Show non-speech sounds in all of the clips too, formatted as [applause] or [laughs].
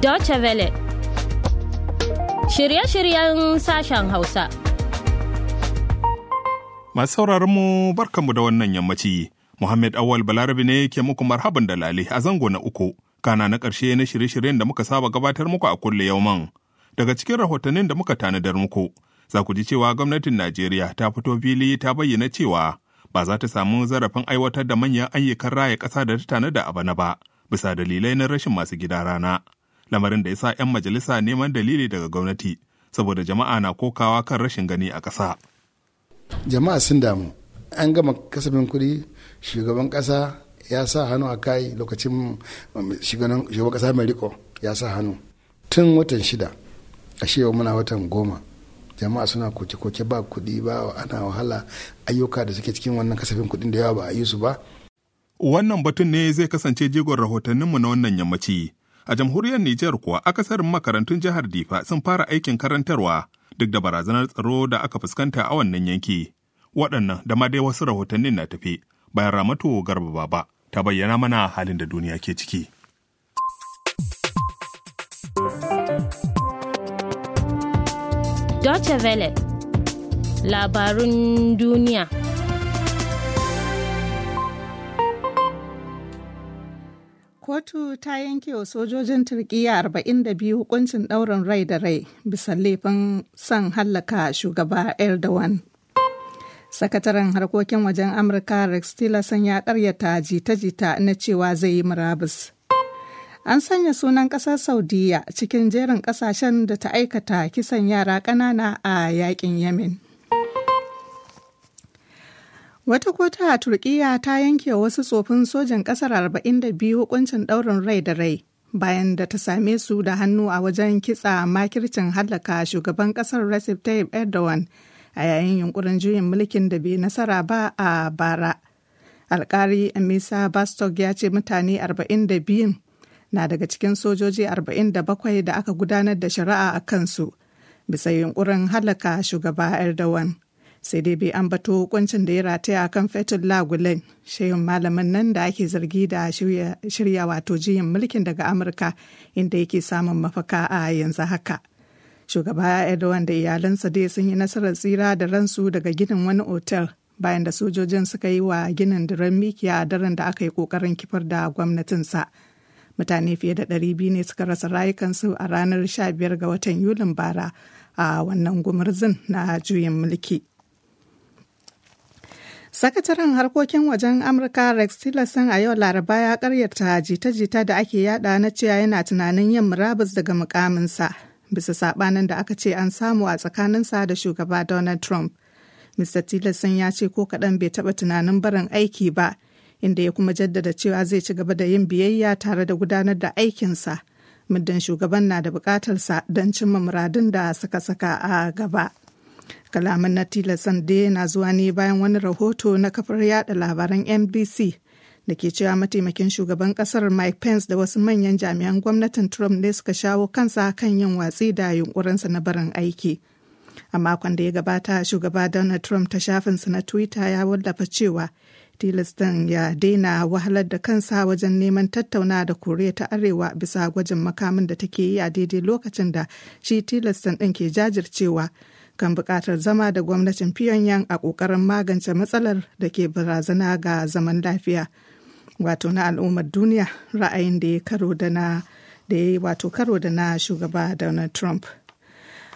Deutsche Welle. Shirye-shiryen sashen Hausa. Masu sauraron mu barkanmu da wannan yammaci. Muhammad Awal Balarabi ne ke muku marhaban da lale a zango na uku, kana na ƙarshe na shirye-shiryen da muka saba gabatar muku a kulle yauman. Daga cikin rahotannin da muka tanadar muku, za ku ji cewa gwamnatin Najeriya ta fito fili ta bayyana cewa ba za ta samu zarafin aiwatar da manyan ayyukan raya ƙasa da ta tanada a bana ba, bisa dalilai na rashin masu gida rana. lamarin da ya sa 'yan majalisa neman dalili daga gwamnati saboda jama'a na kokawa kan rashin gani a ƙasa. jama'a sun damu an gama kasafin kuɗi shugaban ƙasa ya sa hannu a kai lokacin um, shugaban ƙasa mai riko ya sa hannu tun watan shida a shewa muna watan goma jama'a suna koke-koke ba kuɗi ba ana wahala ayyuka da suke cikin wannan kasafin kuɗin da yawa ba a yi su ba wannan batun ne zai kasance jigon rahotanninmu na wannan yammaci A jamhuriyar Nijar kuwa akasarin makarantun jihar Difa sun fara aikin karantarwa duk da barazanar tsaro da aka fuskanta a wannan yanki. Waɗannan da ma dai wasu rahotannin na tafi bayan Ramatu Garba Baba ta bayyana mana halin da duniya ke ciki. Deutsche Welle Labarun duniya. kotu ta yanke wa sojojin turkiya 42 hukuncin ɗaurin rai da rai bisa laifin son hallaka shugaba erdogan sakataren harkokin wajen amurka rex tillerson ya karyata jita-jita na cewa zai yi murabus an sanya sunan ƙasar saudiya cikin jerin ƙasashen da ta aikata kisan yara ƙanana a yakin yamin. Wata kota a Turkiyya ta yanke wasu tsofin sojan ƙasar 42 hukuncin ɗaurin rai da rai bayan da ta same su da hannu a wajen kitsa makircin hallaka shugaban ƙasar Recep Tayyip Erdogan a yayin yunkurin juyin mulkin da bai nasara ba a bara. Alkari Amisa Bastog ya ce mutane 42 na daga cikin sojoji 47 da aka gudanar da shari'a a kansu bisa yunkurin hallaka shugaba Erdogan. sai dai bai ambato hukuncin da ya rataya a kan Fethullah Gulen shehin malamin nan da ake zargi da shirya wato jiyin mulkin daga Amurka inda yake samun mafaka a yanzu haka. Shugaba Erdogan da iyalansa dai sun yi nasarar tsira da ransu daga ginin wani otel bayan da sojojin suka yi wa ginin diren mikiya a daren da aka yi kokarin kifar da gwamnatinsa. Mutane fiye da ɗari biyu ne suka rasa rayukansu a ranar 15 ga watan Yulin bara a wannan gumurzin na juyin mulki. Sakataren harkokin wajen Amurka Rex Tillerson a yau Laraba ya karyata jita-jita da ake yada na cewa yana tunanin yin murabus daga mukaminsa bisa sabanin da aka ce an samu a tsakaninsa da shugaba Donald Trump. Mr. Tillerson ya ce ko kaɗan bai taɓa tunanin barin aiki ba, inda ya kuma jaddada cewa zai ci gaba da yin biyayya tare da gudanar da aikinsa. Muddin shugaban na da buƙatarsa don cimma muradun da suka saka a gaba. Kalaman na tilasan dai na zuwa ne bayan wani rahoto na kafar yada labaran NBC da ke cewa mataimakin shugaban kasar Mike Pence da wasu manyan jami'an gwamnatin Trump ne suka shawo kansa kan yin watsi da yunkurinsa na barin aiki. A makon da ya gabata, shugaba Donald Trump ta shafinsa na Twitter ya wallafa cewa Tilastan ya daina wahalar da kansa wajen neman tattauna da Koriya ta Arewa bisa gwajin makamin da take yi a daidai lokacin da shi Tilastan ɗin ke jajircewa kan buƙatar zama da gwamnatin Pyongyang a ƙoƙarin magance matsalar da ke barazana ga zaman lafiya. Wato na al'ummar duniya ra'ayin da ya karo da na da ya yi wato karo da na shugaba Donald Trump.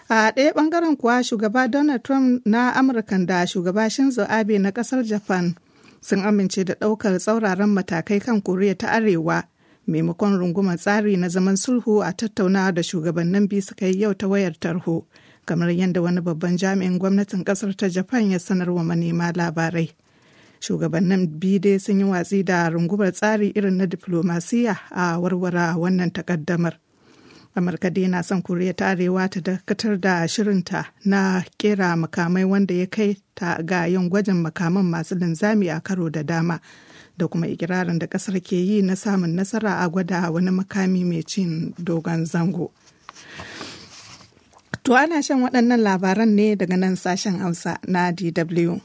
A ɗaya ɓangaren kuwa shugaba Donald Trump na amurka da shugaba Shinzo Abe na ƙasar Japan sun amince da ɗaukar tsauraran matakai kan Koriya ta Arewa maimakon rungumar tsari na zaman sulhu a tattaunawa da shugabannin biyu suka yi yau ta wayar tarho. kamar yadda wani babban jami'in gwamnatin kasar ta japan ya sanar wa manema labarai shugabannin dai sun yi watsi da rungumar tsari irin na diplomasiya a warware wannan takaddamar amurka dai na son koriya ta arewa ta dakatar da shirinta na kera makamai wanda ya kai ta ga yin gwajin makaman masu linzami a karo da dama da kuma ikirarin da kasar ke yi na samun nasara a gwada wani makami mai cin dogon zango. To ana shan waɗannan labaran ne daga nan sashen Hausa na DW.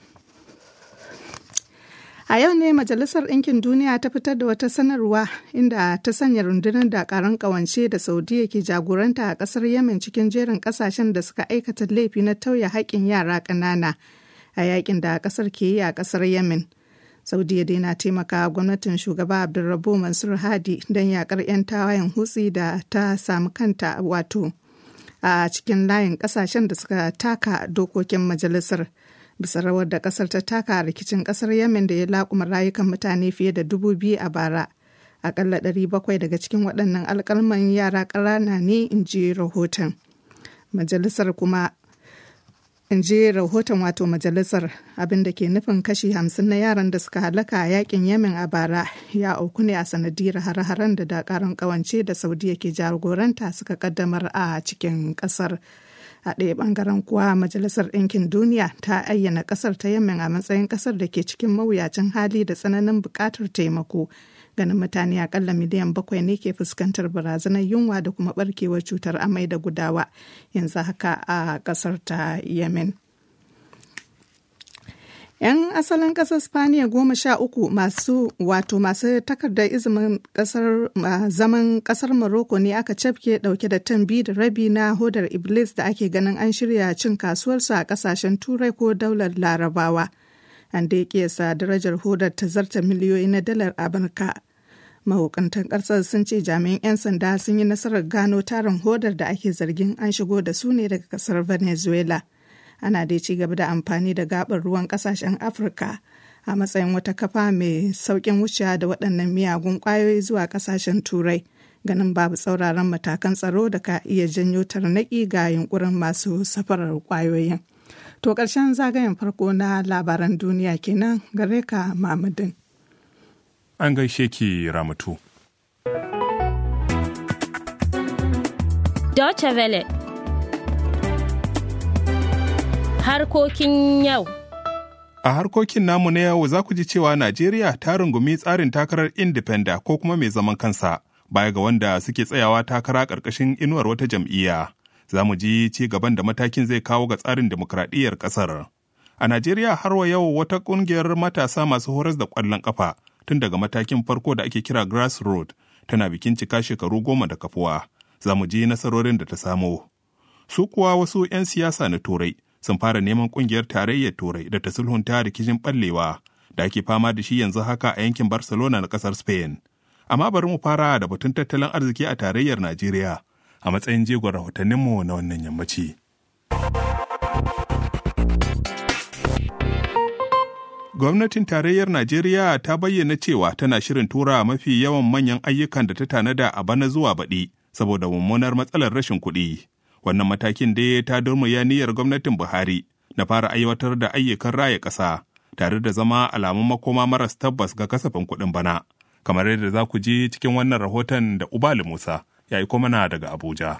A yau ne Majalisar Ɗinkin Duniya ta fitar da wata sanarwa inda ta sanya rundunar dakarun ƙawance da Saudiya ke jagoranta a ƙasar Yemen cikin jerin ƙasashen da suka aikata laifi na tauye haƙƙin yara ƙanana a yaƙin da ƙasar ke yi a ƙasar Yemen. Saudiya dai na taimaka gwamnatin shugaba Abdulrabu Mansur Hadi don yaƙar 'yan tawayen hutsi da ta samu kanta wato a cikin layin kasashen da suka taka dokokin majalisar bisa rawar da kasar ta taka a rikicin kasar yemen da ya laƙuma rayukan mutane fiye da dubu biyu a bara akalla ɗari bakwai daga cikin waɗannan alƙalman yara ƙarana ne in ji rahoton majalisar kuma in je rahoton wato majalisar abinda ke nufin kashi hamsin na yaran da suka halaka a yakin yamin a bara ya auku ne a sanadiyar har-haren da dakarun kawance da saudiya ke jagoranta suka kaddamar a cikin kasar a ɗaya bangaren kuwa majalisar ɗinkin duniya ta ayyana ƙasar ta yamin a matsayin ƙasar da ke cikin mawuyacin hali da tsananin buƙatar taimako ganin mutane akalla miliyan bakwai ne ke fuskantar barazanar yunwa da kuma barkewar cutar amai da gudawa yanzu haka a kasar ta yemen 'Yan asalin ƙasar Spaniya goma sha uku masu wato masu takardar izinin kasar zaman ƙasar Morocco ne aka cafke ɗauke da tambi da rabi na hodar Iblis da ake ganin an shirya cin kasuwarsu a ƙasashen Turai ko daular Larabawa. an ya sa darajar hodar ta zarta miliyoyi na dalar amurka mahukuntan ƙasar sun ce jami'an 'yan sanda sun yi nasarar gano tarin hodar da ake zargin an shigo da su ne daga ƙasar venezuela ana dai ci gaba da amfani da gabar ruwan ƙasashen afirka a matsayin wata kafa mai saukin wucewa da waɗannan miyagun ƙwayoyi zuwa ƙasashen turai ganin babu tsauraran matakan tsaro da ka iya janyo tarnaki ga yunkurin masu safarar ƙwayoyin. To ƙarshen zagayen farko na labaran duniya kenan gare ka Mamadin. An gaishe ki Ramatu. Deutsche Welle Harkokin yau A harkokin namu na yau za ku ji cewa Najeriya ta rungumi tsarin takarar independa ko kuma mai zaman kansa baya ga wanda suke tsayawa takara ƙarƙashin inuwar wata jam'iyya. za mu ji ci gaban da matakin zai kawo ga tsarin demokradiyyar ƙasar. A Najeriya har wa yau wata ƙungiyar matasa masu horas da ƙwallon ƙafa tun daga matakin farko da ake kira grassroot tana bikin cika shekaru goma da kafuwa. Za mu ji nasarorin da ta samo. Su kuwa wasu 'yan siyasa na Turai sun fara neman ƙungiyar tarayyar Turai da ta sulhunta rikicin ɓallewa da ake fama da shi yanzu haka a yankin Barcelona na ƙasar Spain. Amma bari mu fara da batun tattalin arziki a tarayyar Najeriya. a matsayin jegon rahotanninmu na wannan yammaci. Gwamnatin tarayyar Najeriya ta bayyana cewa tana shirin tura mafi yawan manyan ayyukan da ta tanada a bana zuwa baɗi saboda mummunar matsalar rashin kuɗi. Wannan matakin dai ta durmuya niyyar gwamnatin Buhari na fara aiwatar da ayyukan raya ƙasa tare da zama alamun makoma maras tabbas ga kasafin kuɗin bana. Kamar yadda za ku ji cikin wannan rahoton da Ubali Musa ya yi mana daga Abuja.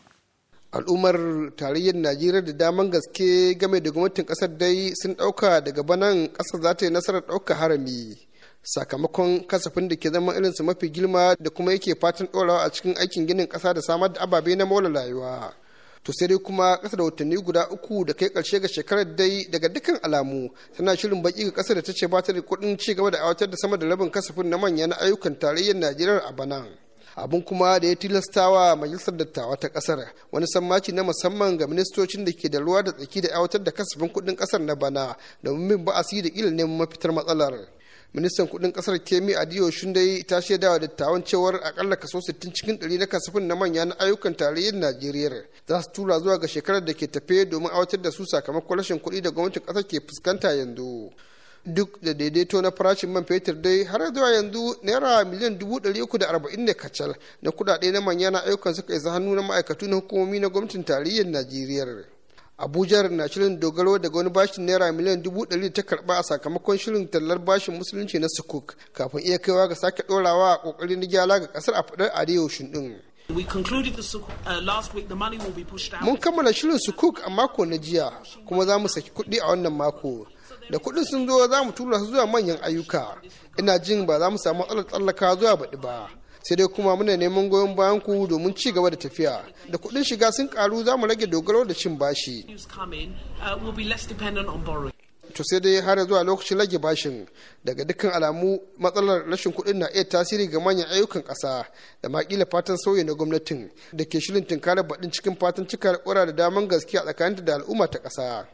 al'ummar tarayyar najeriya da daman gaske game da gwamnatin kasar dai sun ɗauka daga banan kasar za ta yi nasarar ɗaukar harami sakamakon kasafin da ke zama irinsu mafi girma da kuma yake fatan ɗorawa a cikin aikin ginin kasa da samar da ababe na mola rayuwa to sai dai kuma kasa da watanni guda uku da kai karshe ga shekarar dai daga dukkan alamu tana shirin baki ga ƙasar da ta ce ba ta da kuɗin ci gaba da aiwatar da sama da rabin kasafin na manya na ayyukan tarayyar najeriya a banan abun kuma da ya tilasta tilastawa majalisar dattawa ta kasar wani sammaci na musamman ga ministocin da ke da ruwa da tsaki da aiwatar da kasafin kudin kasar na bana domin bin ba'asi da ilin neman mafitar matsalar ministan kudin kasar kemi adiyo dai ta shaida wa dattawan cewar akalla kaso 60 cikin 100 na kasafin na manya na ayyukan tarayyar najeriya za su tura zuwa ga shekarar da ke tafe domin aiwatar da su sakamakon rashin kuɗi da gwamnatin kasar ke fuskanta yanzu duk da daidaito na farashin man fetur dai har zuwa yanzu naira miliyan dubu ɗari uku da arba'in ne kacal na kuɗaɗe na manya na ayyukan suka isa hannu na ma'aikatu na hukumomi na gwamnatin tarayyar najeriya abuja na shirin dogaro daga wani bashin naira miliyan dubu ɗari ta karɓa a sakamakon shirin tallar bashin musulunci na sukuk kafin iya kaiwa ga sake ɗorawa a ƙoƙarin gyala ga kasar a faɗar arewacin ɗin uh, Mun kammala shirin sukuk a mako na jiya kuma za mu saki kuɗi a wannan mako da kuɗin sun zo za mu tura su zuwa manyan ayyuka ina jin ba za mu samu matsalar tsallaka zuwa baɗi ba sai dai kuma muna neman goyon bayan ku domin ci gaba da tafiya da kuɗin shiga sun karu za mu rage dogaro da cin bashi uh, to sai dai har zuwa lokacin rage bashin daga dukkan alamu matsalar rashin kuɗin na iya tasiri ga manyan ayyukan ƙasa da makila fatan sauyi na gwamnatin da ke shirin tunkarar baɗin cikin fatan cika alƙura da daman gaskiya tsakanin da al'umma ta ƙasa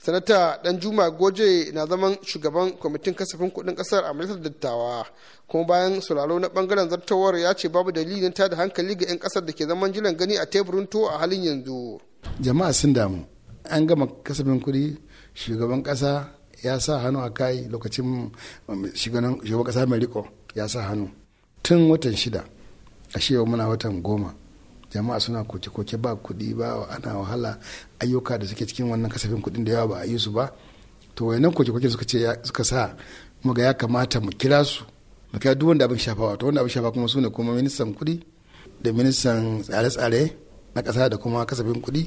sanata dan juma goje na zaman shugaban kwamitin kasafin kudin kasar a majalisar dattawa kuma bayan sauraro na bangaren zartawar ya ce babu dalilin ta da hankali ga 'yan kasar da ke zaman jiran gani a teburin to a halin yanzu jama'a sun damu an gama kasafin kudi shugaban kasa ya sa hannu a kai lokacin um, shugaban kasa mai riko ya sa hannu tun watan shida a shewa muna watan goma jama'a suna koke-koke ba kuɗi ba ana wahala ayyuka da suke cikin wannan kasafin kuɗin da yawa ba a yi su ba to wayannan koke-koke suka ce suka sa ga ya kamata mu kira su mu kira duk wanda abin shafawa to wanda abin shafa kuma su ne kuma ministan kuɗi da ministan tsare-tsare na ƙasa da kuma kasafin kuɗi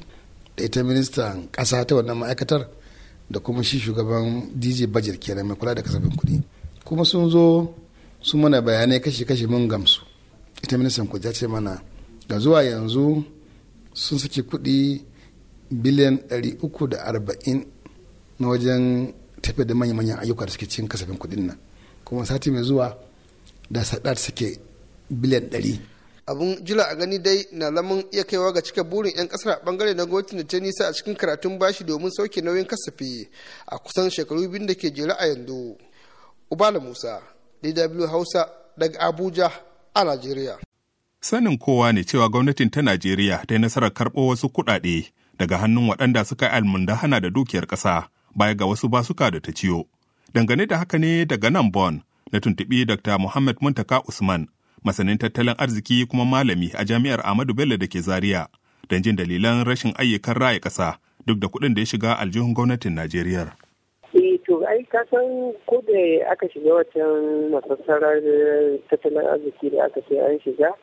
da ita ministan ƙasa ta wannan ma'aikatar da kuma shi shugaban dj budget kenan mai kula da kasafin kuɗi kuma sun zo su mana bayanai kashi-kashi mun gamsu ita ministan kuɗi ta ce mana ga zuwa yanzu sun saki kuɗi biliyan 340 na wajen tafiya da manya-manyan ayyuka da suke cin kasafin kuɗin nan kuma sati mai zuwa da sadar suke biliyan 100 abun jila a gani dai na lamun iya kaiwa ga cika burin 'yan kasar a bangare na gwamnatin da ta nisa a cikin karatun bashi domin sauke nauyin kasafi a kusan shekaru biyu da ke jera a yanzu ubala musa dw hausa daga abuja a najeriya Sanin kowa ne cewa gwamnatin ta Najeriya ta yi nasarar karɓo wasu kuɗaɗe daga hannun waɗanda suka yi almundahana da dukiyar ƙasa baya ga wasu basuka da ta ciyo. Dangane da haka ne daga nan Bon na tuntuɓi Dr. Muhammad Muntaka Usman, masanin tattalin arziki kuma malami a jami'ar Ahmadu Bello da ke Zaria, don jin dalilan rashin ayyukan raya ƙasa duk da kuɗin da ya shiga aljihun gwamnatin Najeriya. Eh, to ai ka san ko da aka shiga wacan masassarar tattalin arziki da aka ce an shiga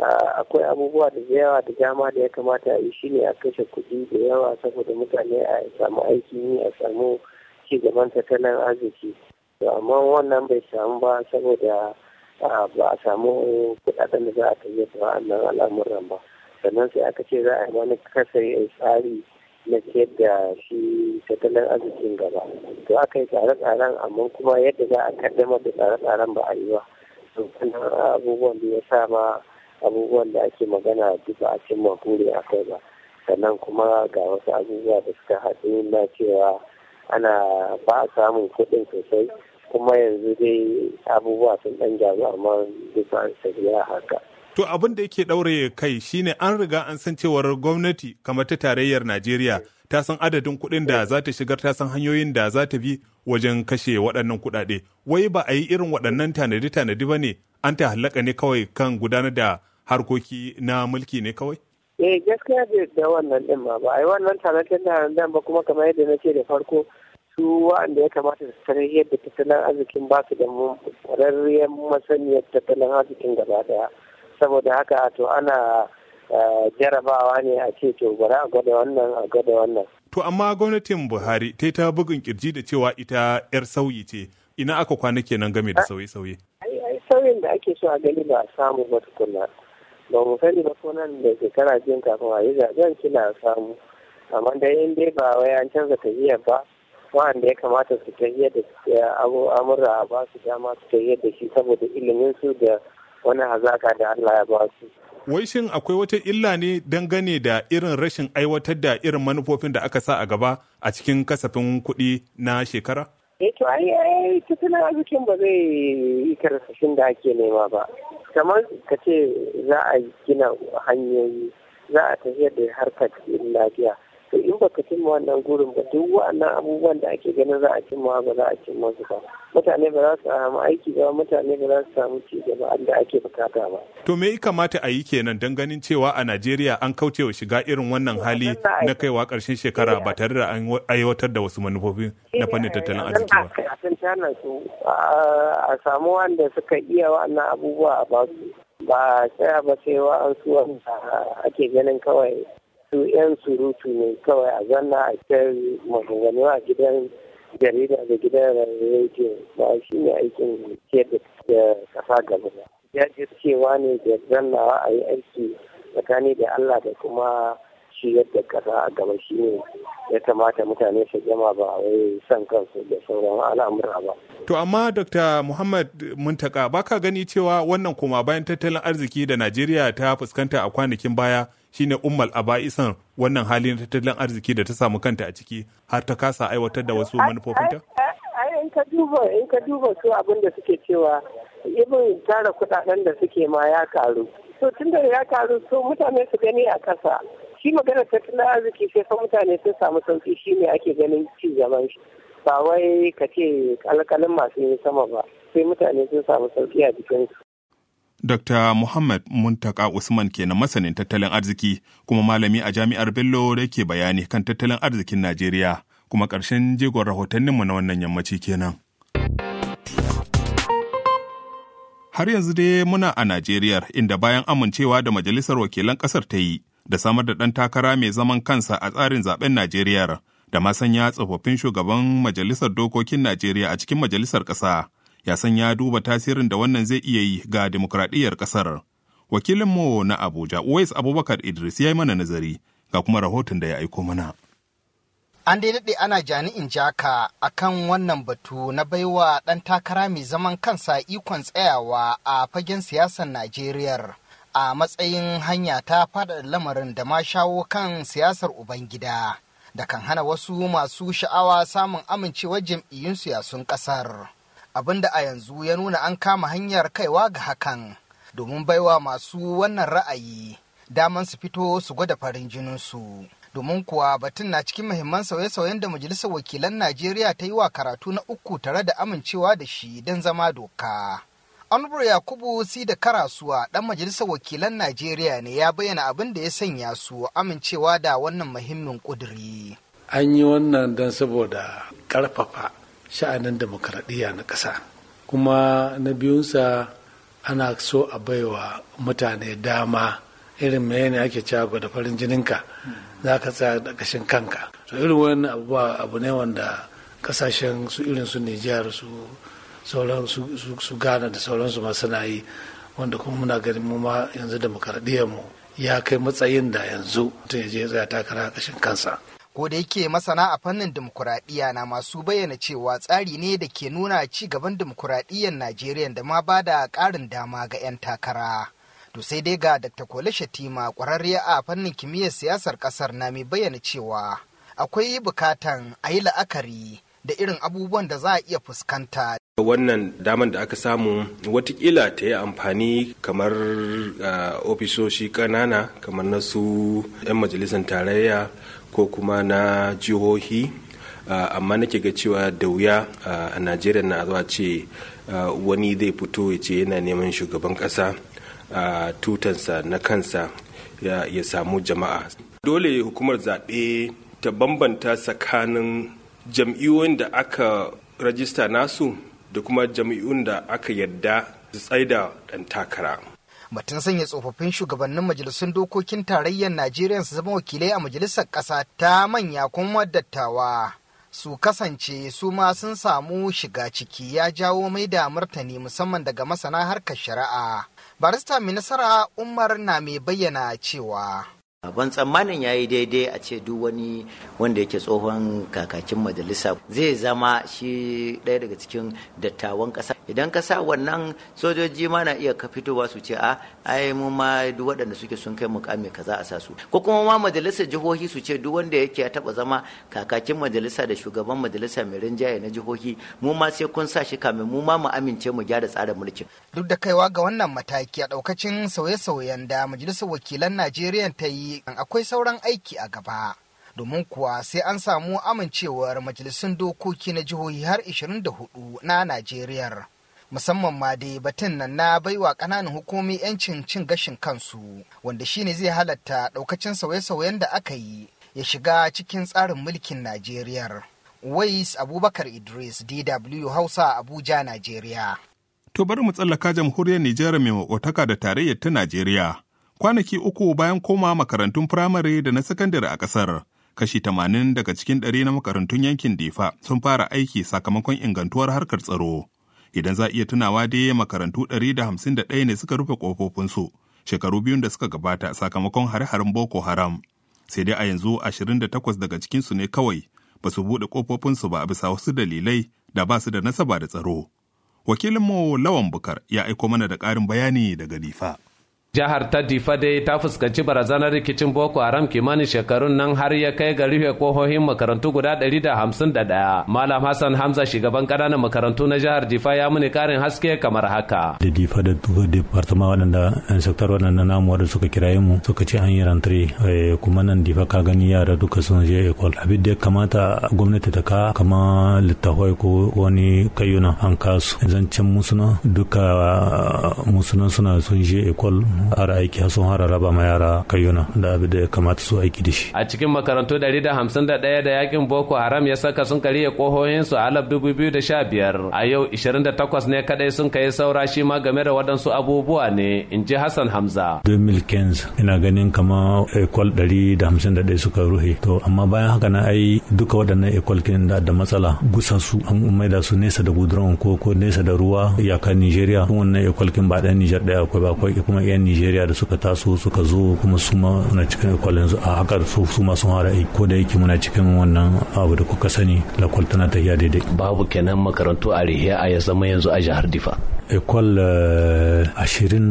Ah, akwai abubuwa da yawa da dama da ya kamata a yi shi ne a kashe kuɗi da yawa saboda mutane a samu aiki ne a samu ci gaban tattalin arziki amma wannan bai samu ba saboda ah, ba a samu kuɗaɗen da za a tafiya da wannan al'amuran ba sannan sai aka ce za a yi wani kasar tsari na ciyar shi tattalin arzikin gaba to aka yi tsare-tsaren amma kuma yadda za a kaddamar da tsare-tsaren ba a yi ba to abubuwan da ya sa ba abubuwan da ake magana duka a cimma buri a kai ba sannan kuma ga wasu abubuwa da suka haɗu na cewa ana ba a samun kuɗin sosai kuma yanzu dai abubuwa sun ɗan jaru amma duka an a haka. To abin da yake ɗaure kai shine an riga an san cewar gwamnati kamar ta tarayyar Najeriya ta san adadin kuɗin da za ta shigar ta san hanyoyin da za ta bi wajen kashe waɗannan kuɗaɗe. Wai ba a yi irin waɗannan tanadi-tanadi ba ne an ta hallaka ne kawai kan gudanar da harkoki na mulki ne kawai? Eh gaskiya bai da wannan din ba ba ai wannan talatin da nan ba kuma kamar yadda na ce da farko su wa'anda ya kamata su sanar yadda tattalin arzikin ba su da ƙwararriyar masaniyar tattalin arzikin gaba daya saboda haka to ana eh, jarabawa ne a ce to bari a gwada wannan a gwada wannan. To amma gwamnatin Buhari ta ta bugun kirji da cewa ita 'yar sauyi ce ina aka kwana kenan game da ah. sauye-sauye. Ai sauyin da ake so a gani ba a samu ba tukunna ba mu sani ba ko nan da shekara jin kafin a yi zaben kila samu amma da in dai ba wai an canza yi ba wanda ya kamata su ta yi da amurra a ba su dama su ta yi da shi saboda ilimin su da wani hazaka da Allah ya ba su. Wai shin akwai wata illa ne dangane da irin rashin aiwatar da irin manufofin da aka sa a gaba a cikin kasafin kuɗi na shekara? ya eh, to ai ai tattalin arzikin ba zai yi karfashin da ake nema ba kamar ka ce za a gina hanyoyi za a tafiyar da harkar lafiya to in ka cimma wannan gurin ba duk wa'annan abubuwan da ake ganin za a cimma ba za a cimma su ba mutane ba za su samu aiki ba mutane ba za su samu ci gaba da ake bukata ba to me ya kamata a yi kenan don ganin cewa a Najeriya an kauce wa shiga irin wannan hali na kaiwa karshen shekara ba tare da an aiwatar da wasu manufofi na fannin eh, tattalin arziki ba a samu wanda suka iya wa'annan abubuwa a basu ba sai ba sai wa'ansu wanda ake ganin kawai su 'yan surutu ne kawai a zanna a kai maganganu a gidan jarida da gidan rediyo ba shi ne aikin ke da kasa gaba ba cewa ne da zannawa a yi aiki tsakani da allah da kuma shi yadda kasa a gaba shi ne ya kamata mutane su jama ba wai san kansu da sauran al'amura ba. To amma Dr. Muhammad Muntaka baka gani cewa wannan koma bayan tattalin arziki da Najeriya ta fuskanta a kwanakin baya shine ummal aba'isan wannan hali na tattalin arziki da ta samu kanta a ciki har ta kasa aiwatar da wasu manufofinta? in ka duba in ka duba su abin da suke cewa ibin tara kudaden da suke ma ya karu to tun da ya karu so mutane su gani a kasa shi magana tattalin arziki sai fa mutane sun samu sauki ne ake ganin ci gaban shi ba wai ka ce alkalin masu yi sama ba sai mutane sun samu sauki a jikinsu Dr. Muhammad Muntaka Usman ke na masanin tattalin arziki kuma malami a jami'ar Bello da ke bayani kan tattalin arzikin Najeriya kuma ƙarshen jigon rahotanninmu na wannan yammaci kenan. Har yanzu dai muna a Najeriya inda bayan amincewa da Majalisar Wakilan ƙasar ta yi da samar da ɗan takara mai zaman kansa a tsarin zaben Najeriya da masanya tsofaffin shugaban Majalisar Dokokin Najeriya a cikin Majalisar Ƙasa. yasan ya duba tasirin da wannan zai iya yi ga demokradiyyar ƙasar. Wakilinmu na Abuja, Uwais Abubakar Idris ya yi mana nazari ga kuma rahoton da ya aiko mana. An dai ana ana jani'in jaka a kan wannan batu na baiwa ɗan takara mai zaman kansa ikon tsayawa a fagen siyasar Najeriya a matsayin hanya ta fada lamarin da ma shawo kan siyasar Ubangida da kan hana wasu masu sha'awa samun amincewar jam'iyyun siyasun ƙasar. abinda a yanzu ya nuna an kama hanyar kaiwa ga hakan domin baiwa masu wannan ra'ayi daman su fito su gwada farin jininsu. domin kuwa batun na cikin muhimman sauye-sauyen da majalisar wakilan najeriya ta yi wa karatu na uku tare da amincewa da shi don zama doka honorable yakubu si da karasuwa dan majalisar wakilan najeriya ne ya bayyana abin da ya sanya su amincewa da wannan muhimmin kuduri an yi wannan don saboda karfafa sha'anin demokaradiyya na ƙasa kuma na biyunsa ana so a baiwa mutane dama irin ne ake cewa da farin jininka za ka tsaya da kashin kanka to irin wani abu ne wanda kasashen su irin su nijar su sauran su gana da su masu na yi wanda kuma muna ganin mu ma yanzu demokaradiyyar mu ya kai matsayin da yanzu mutum ya je ya tsaya takara kashin kansa ko da yake masana a fannin dimokuraɗiyya na masu bayyana cewa tsari ne da ke nuna ci gaban dimokuraɗiyyar najeriya da ma ba da ƙarin dama ga 'yan takara to sai dai ga dr kole shatima ƙwararriya a fannin kimiyyar siyasar ƙasar na mai bayyana cewa akwai bukatan a yi la'akari da irin abubuwan da za a iya fuskanta wannan damar da aka samu watakila ta yi amfani kamar ah, ofisoshi ƙanana kamar nasu 'yan majalisar tarayya ko kuma na jihohi ah, amma nake ga cewa da wuya ah, a najeriya na zuwa ce ah, wani zai fito ya ce yana neman shugaban ƙasa tutansa na kansa ya samu jama'a dole hukumar zaɓe ta bambanta tsakanin jam'iyyun da aka rajista nasu da kuma jam'iyyun da aka yadda su tsaida ɗan takara batun sanya tsofaffin shugabannin majalisun dokokin tarayyar najeriya su zama wakilai a majalisar ƙasa ta manya kuma dattawa su kasance su ma sun samu shiga ciki ya jawo mai da martani musamman daga masana harkar shari'a barista mai nasara umar na mai bayyana cewa ban tsammanin ya yi daidai a ce duk wani wanda yake tsohon kakakin majalisa zai zama shi ɗaya daga cikin dattawan ƙasa idan ka sa wannan sojoji ma na iya fitowa su ce a ai mu ma duk waɗanda suke sun kai mukami za a sa su ko kuma ma majalisar jihohi su ce duk wanda yake ya taɓa zama kakakin majalisa da shugaban majalisa mai rinjaye na jihohi mu ma sai kun sa shi kamin mu ma mu amince mu gyara tsarin mulkin. duk da kaiwa ga wannan mataki a ɗaukacin sauye-sauyen da majalisar wakilan najeriya ta yi akwai sauran aiki a gaba. domin kuwa sai an samu amincewar majalisun dokoki na jihohi har 24 na Najeriya. Musamman ma dai batun nan na baiwa ƙananan hukumi 'yancin cin gashin kansu, wanda shine zai halatta ɗaukacin sauye-sauyen da aka yi ya shiga cikin tsarin mulkin Najeriya. Wais Abubakar Idris, DW Hausa, Abuja, Najeriya. To bari mu tsallaka jamhuriyar Nijar mai makotaka da tarayyar ta Najeriya. kwanaki uku bayan koma makarantun firamare da na sakandare a ƙasar. Kashi tamanin daga cikin ɗari na makarantun yankin Difa sun fara aiki sakamakon ingantuwar harkar tsaro. Idan za a iya tunawa dai makarantu ɗari da hamsin da ɗaya ne suka rufe kofofinsu shekaru biyun da suka gabata sakamakon hare-haren Boko Haram. Sai dai a yanzu ashirin da takwas daga cikinsu ne kawai ba su buɗe kofofinsu ba bisa wasu dalilai da ba su da nasaba da tsaro. Wakilinmu Lawan Bukar ya aiko mana da ƙarin bayani daga Difa. Jihar ta Difa dai ta fuskanci barazanar rikicin Boko Haram kimanin shekarun nan har ya kai ga rufe kohohin makarantu guda ɗari 151. Malam Hassan Hamza shugaban ƙananan makarantu na jihar Difa ya muni karin haske kamar haka. Da Difa da tuka departama waɗanda yan eh, sektar waɗanda namu da suka kiraye mu suka ce an yi rantare eh, kuma nan Difa ka gani yara duka sun je ekol. Abin da kamata gwamnati ta ka kama littafai ko wani kayyuna an kasu. Zancen musuna duka eh, musuna suna sun je ekol har aiki sun har raba ma yara kayuna da abu da ya kamata su aiki da shi a cikin makarantu 151 da yakin boko haram ya saka sun kariya kohohin su alaf 2015 a yau 28 ne kadai sun kai saura shi ma game da waɗansu abubuwa ne in ji hassan hamza 2015 ina ganin kama ekol 151 suka ruhe to amma bayan haka na ai duka waɗannan ekol kin da da matsala gusa su an maida su nesa da guduran ko ko nesa da ruwa iyaka nigeria wannan ekol kin ba ɗan nijar ɗaya akwai ba akwai kuma yan nigeria da suka taso suka zo kuma su ma na cikin kwalin a haka su su ma sun hara ko da yake muna cikin wannan abu da kuka sani lakwal tana tafiya daidai babu kenan makarantu a rihiya a ya zama yanzu a jihar difa ekwal eh, ashirin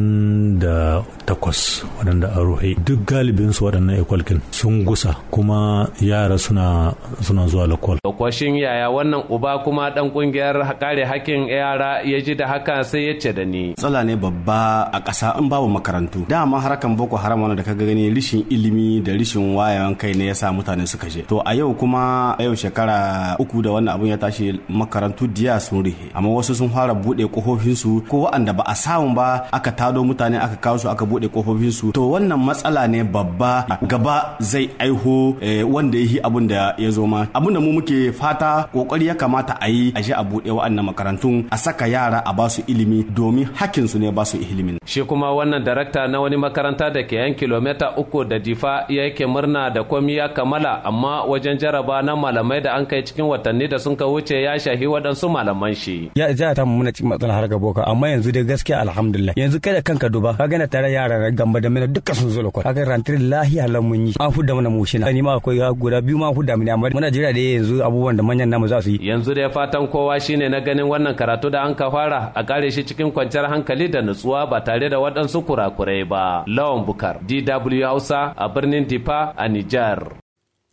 da takwas waɗanda a ruhe duk su waɗannan ekwalkin sun gusa kuma yara suna suna zuwa lakwal. Kwashin yaya wannan uba kuma ɗan ƙungiyar kare hakkin yara ya ji da haka sai ya ce da ni. Tsala ne babba a ƙasa in babu makaranta makarantu dama harkan boko haram wannan da gani rishin ilimi da rishin wayawan kai ne yasa mutane suka je to a yau kuma a yau shekara uku da wannan abun ya tashi makarantu diya sun rihe amma wasu sun fara bude kofofin su ko wanda ba a samu ba aka tado mutane aka kawo su aka bude kofofin su to wannan matsala ne babba gaba zai aiho eh, wanda yi abun da ya zo ma abun da mu muke fata kokari ya kamata a yi a je a bude wa'annan makarantun a saka yara a ba su ilimi domin hakkin su ne ba su ilimin shi kuma wannan da darakta na wani makaranta da ke yan kilomita uku da difa ya yake murna da komi ya kamala amma wajen jaraba na malamai da an kai cikin watanni da sun ka wuce ya shahi waɗansu malaman shi. ya ja ta mu muna cikin matsalar harkar boko amma yanzu dai gaskiya alhamdulillah yanzu kai da kanka duba ka gana tare yara gamba da mina duka sun zo lokal haka rantar lahiya lan mun yi an fudda mana mushina ni ma akwai guda biyu ma fudda mini amma muna jira da yanzu abubuwan da manyan namu za su yi. yanzu dai fatan kowa shine na ganin wannan karatu da an ka fara a kare shi cikin kwanciyar hankali da nutsuwa ba tare da waɗansu kura kurakurai ba lawan bukar dw hausa a birnin difa a nijar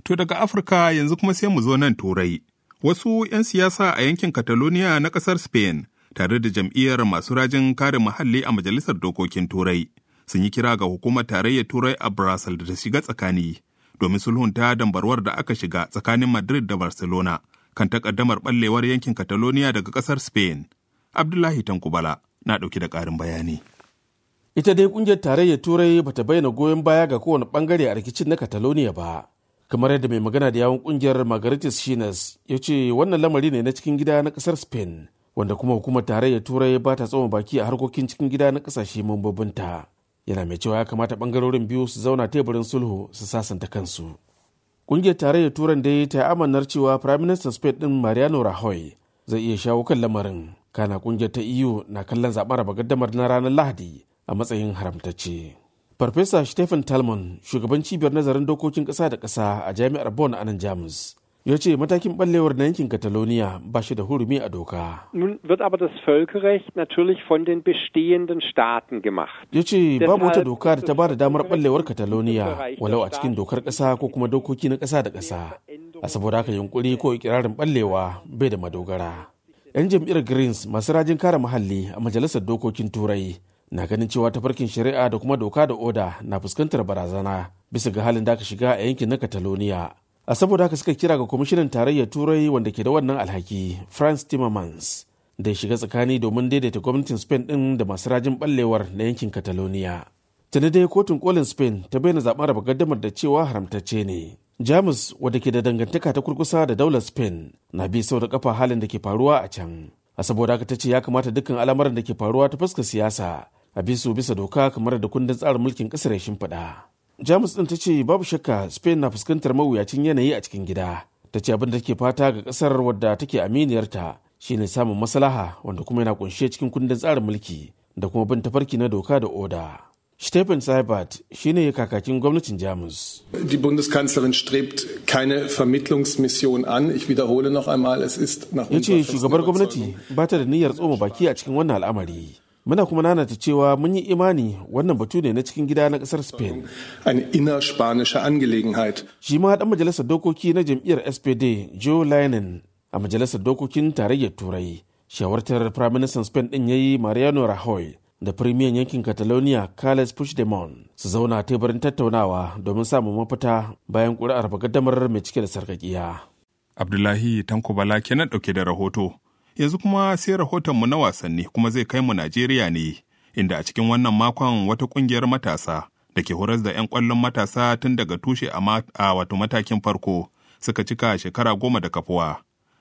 to daga afirka yanzu kuma sai mu zo nan turai wasu 'yan siyasa a yankin catalonia na ƙasar spain tare da jam'iyyar masu rajin kare muhalli a majalisar dokokin turai sun yi kira ga hukumar tarayyar turai a brussels da ta shiga tsakani domin sulhunta dambarwar da aka shiga tsakanin madrid da barcelona kan takaddamar ɓallewar yankin catalonia daga ƙasar spain abdullahi tankubala na ɗauki da ƙarin bayani ita dai kungiyar tarayyar turai ba bata bayyana goyon baya ga kowane bangare a rikicin na catalonia ba kamar yadda mai magana da yawon kungiyar margaritis shinas ya ce wannan lamari ne na cikin gida na kasar spain wanda kuma hukumar tarayyar turai ba ta tsoma baki a harkokin cikin gida na kasashe mambobinta yana mai cewa ya kamata bangarorin biyu su zauna teburin sulhu su sasanta kansu kungiyar tarayyar turan dai ta yi amannar cewa prime minister spain din mariano rajoy zai iya shawo kan lamarin kana kungiyar ta eu na kallon zaben raba gaddamar na ranar lahadi a matsayin haramtacce. Farfesa Stephen Talman, shugaban cibiyar nazarin dokokin ƙasa da ƙasa a jami'ar Bonn a nan Jamus, ya ce matakin ballewar na yankin Catalonia ba shi da hurumi a doka. Nun wird aber das Völkerrecht natürlich von den bestehenden Staaten gemacht. Ya ce babu wata doka da ta ba da damar ɓallewar Catalonia walau a cikin dokar ƙasa ko kuma dokoki na ƙasa da ƙasa. A saboda haka yunkuri ko ikirarin ɓallewa bai da madogara. 'Yan jam'iyyar Greens masu rajin kare muhalli a majalisar dokokin Turai na ganin cewa tafarkin shari'a da kuma doka da oda na fuskantar barazana bisa ga halin da aka shiga a yankin na catalonia a saboda haka suka kira ga kwamishinan tarayyar turai wanda ke da wannan alhaki france timmermans da ya shiga tsakani domin daidaita gwamnatin spain din da masu rajin ballewar na yankin catalonia tuni dai kotun kolin spain ta bayyana zaben raba gaddamar da cewa haramtacce ne jamus wadda ke da dangantaka ta kurkusa da daular spain na bi sau da kafa halin da ke faruwa a can a saboda haka ta ce ya kamata dukkan al'amuran da ke faruwa ta fuskar siyasa a bisu bisa doka kamar da kundin tsarin mulkin kasar ya shimfiɗa jamus ɗin ta ce babu shakka spain na fuskantar mawuyacin yanayi a cikin gida ta ce abin da take fata ga kasar wadda take aminiyarta shine samun maslaha wanda kuma yana kunshe cikin kundin tsarin mulki da kuma bin tafarki na doka da oda Stephen Seibert shine kakakin gwamnatin Jamus. Die Bundeskanzlerin strebt keine Vermittlungsmission an. Ich wiederhole noch einmal, es ist nach shugabar gwamnati ba ta da niyyar tsoma baki a cikin wannan al'amari. muna kuma nanata cewa mun yi imani wannan batu ne na cikin gida na kasar spain an ina spanische angelegenheit shi ma dan majalisar dokoki na jam'iyyar spd joe linen a majalisar dokokin tarayyar turai shawartar firaministan spain din yi mariano rajoy da premier yankin catalonia carles puigdemont su zauna teburin tattaunawa domin samun mafita bayan ƙuri'ar bagaddamar mai cike da sarkakiya abdullahi tanko bala kenan dauke da rahoto Yanzu kuma sai rahotonmu na wasanni kuma zai kai mu Najeriya ne, inda a cikin wannan makon wata ƙungiyar matasa da ke horas da 'yan ƙwallon matasa tun daga tushe a wato matakin farko suka cika shekara goma da kafuwa.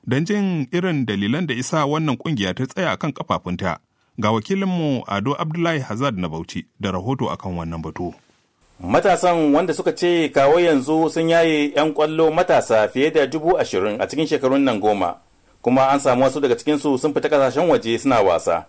Don jin irin dalilan da isa wannan ƙungiya ta tsaya kan kafafunta, ga wakilinmu Ado Abdullahi Hazard na Bauchi da rahoto akan wannan batu. matasan wanda suka ce kawo yanzu sun yaye 'yan kwallo matasa fiye da dubu ashirin a cikin shekarun nan goma kuma an samu wasu daga cikinsu sun fita kasashen waje suna wasa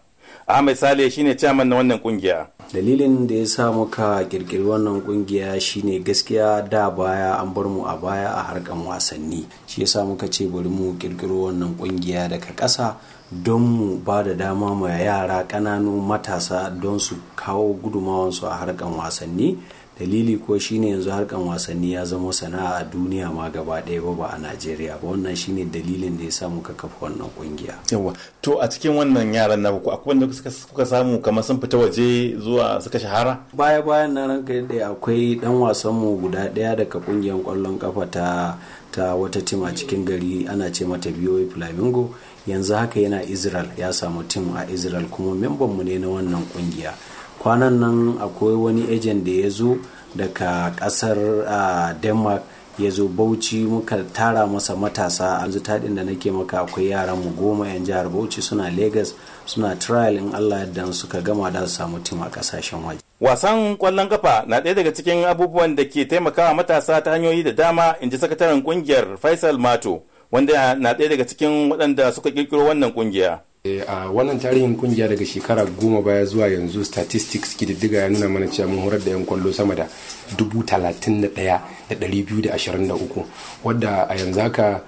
ahmed sale shine chairman na wannan kungiya dalilin da ya sa muka kirkiri wannan kungiya shine gaskiya da baya an bar mu a baya a harkan wasanni shi yasa muka ce bari mu kirkiro wannan kungiya daga ƙasa don mu ba da dama ma yara ƙananu matasa don su kawo gudumawansu a harkan wasanni dalili ko shine yanzu harkan wasanni ya zama sana'a a duniya ma gaba ɗaya ba ba a najeriya ba wannan shine dalilin da ya sa muka kafa wannan kungiya yawa to a cikin wannan yaran na ku akwai wanda kuka samu kamar sun fita waje zuwa suka shahara baya bayan na ranka yadda akwai dan wasan mu guda ɗaya daga kungiyar kwallon kafa ta ta wata tim a cikin gari ana ce mata biyo Flamingo yanzu haka yana Israel ya samu tim a Israel kuma memban mu ne na wannan kungiya kwanan nan akwai wani ejen da ya zo daga kasar ah, denmark ya zo bauchi muka tara masa matasa a taɗin da nake maka akwai yaran mu goma yan jihar bauchi suna lagos suna trial in allah yadda suka gama da su samu tim a kasashen waje wasan kwallon kafa na ɗaya daga cikin abubuwan da ke taimakawa matasa ta hanyoyi da dama in ji sakataren kungiyar faisal mato wanda na ɗaya daga cikin waɗanda suka ƙirƙiro wannan kungiya Eh, a wannan tarihin kungiya daga shekara goma baya zuwa yanzu statistics kididdiga ya nuna mana cewa mun horar da yan kwallo sama da 31,223 wadda a yanzu haka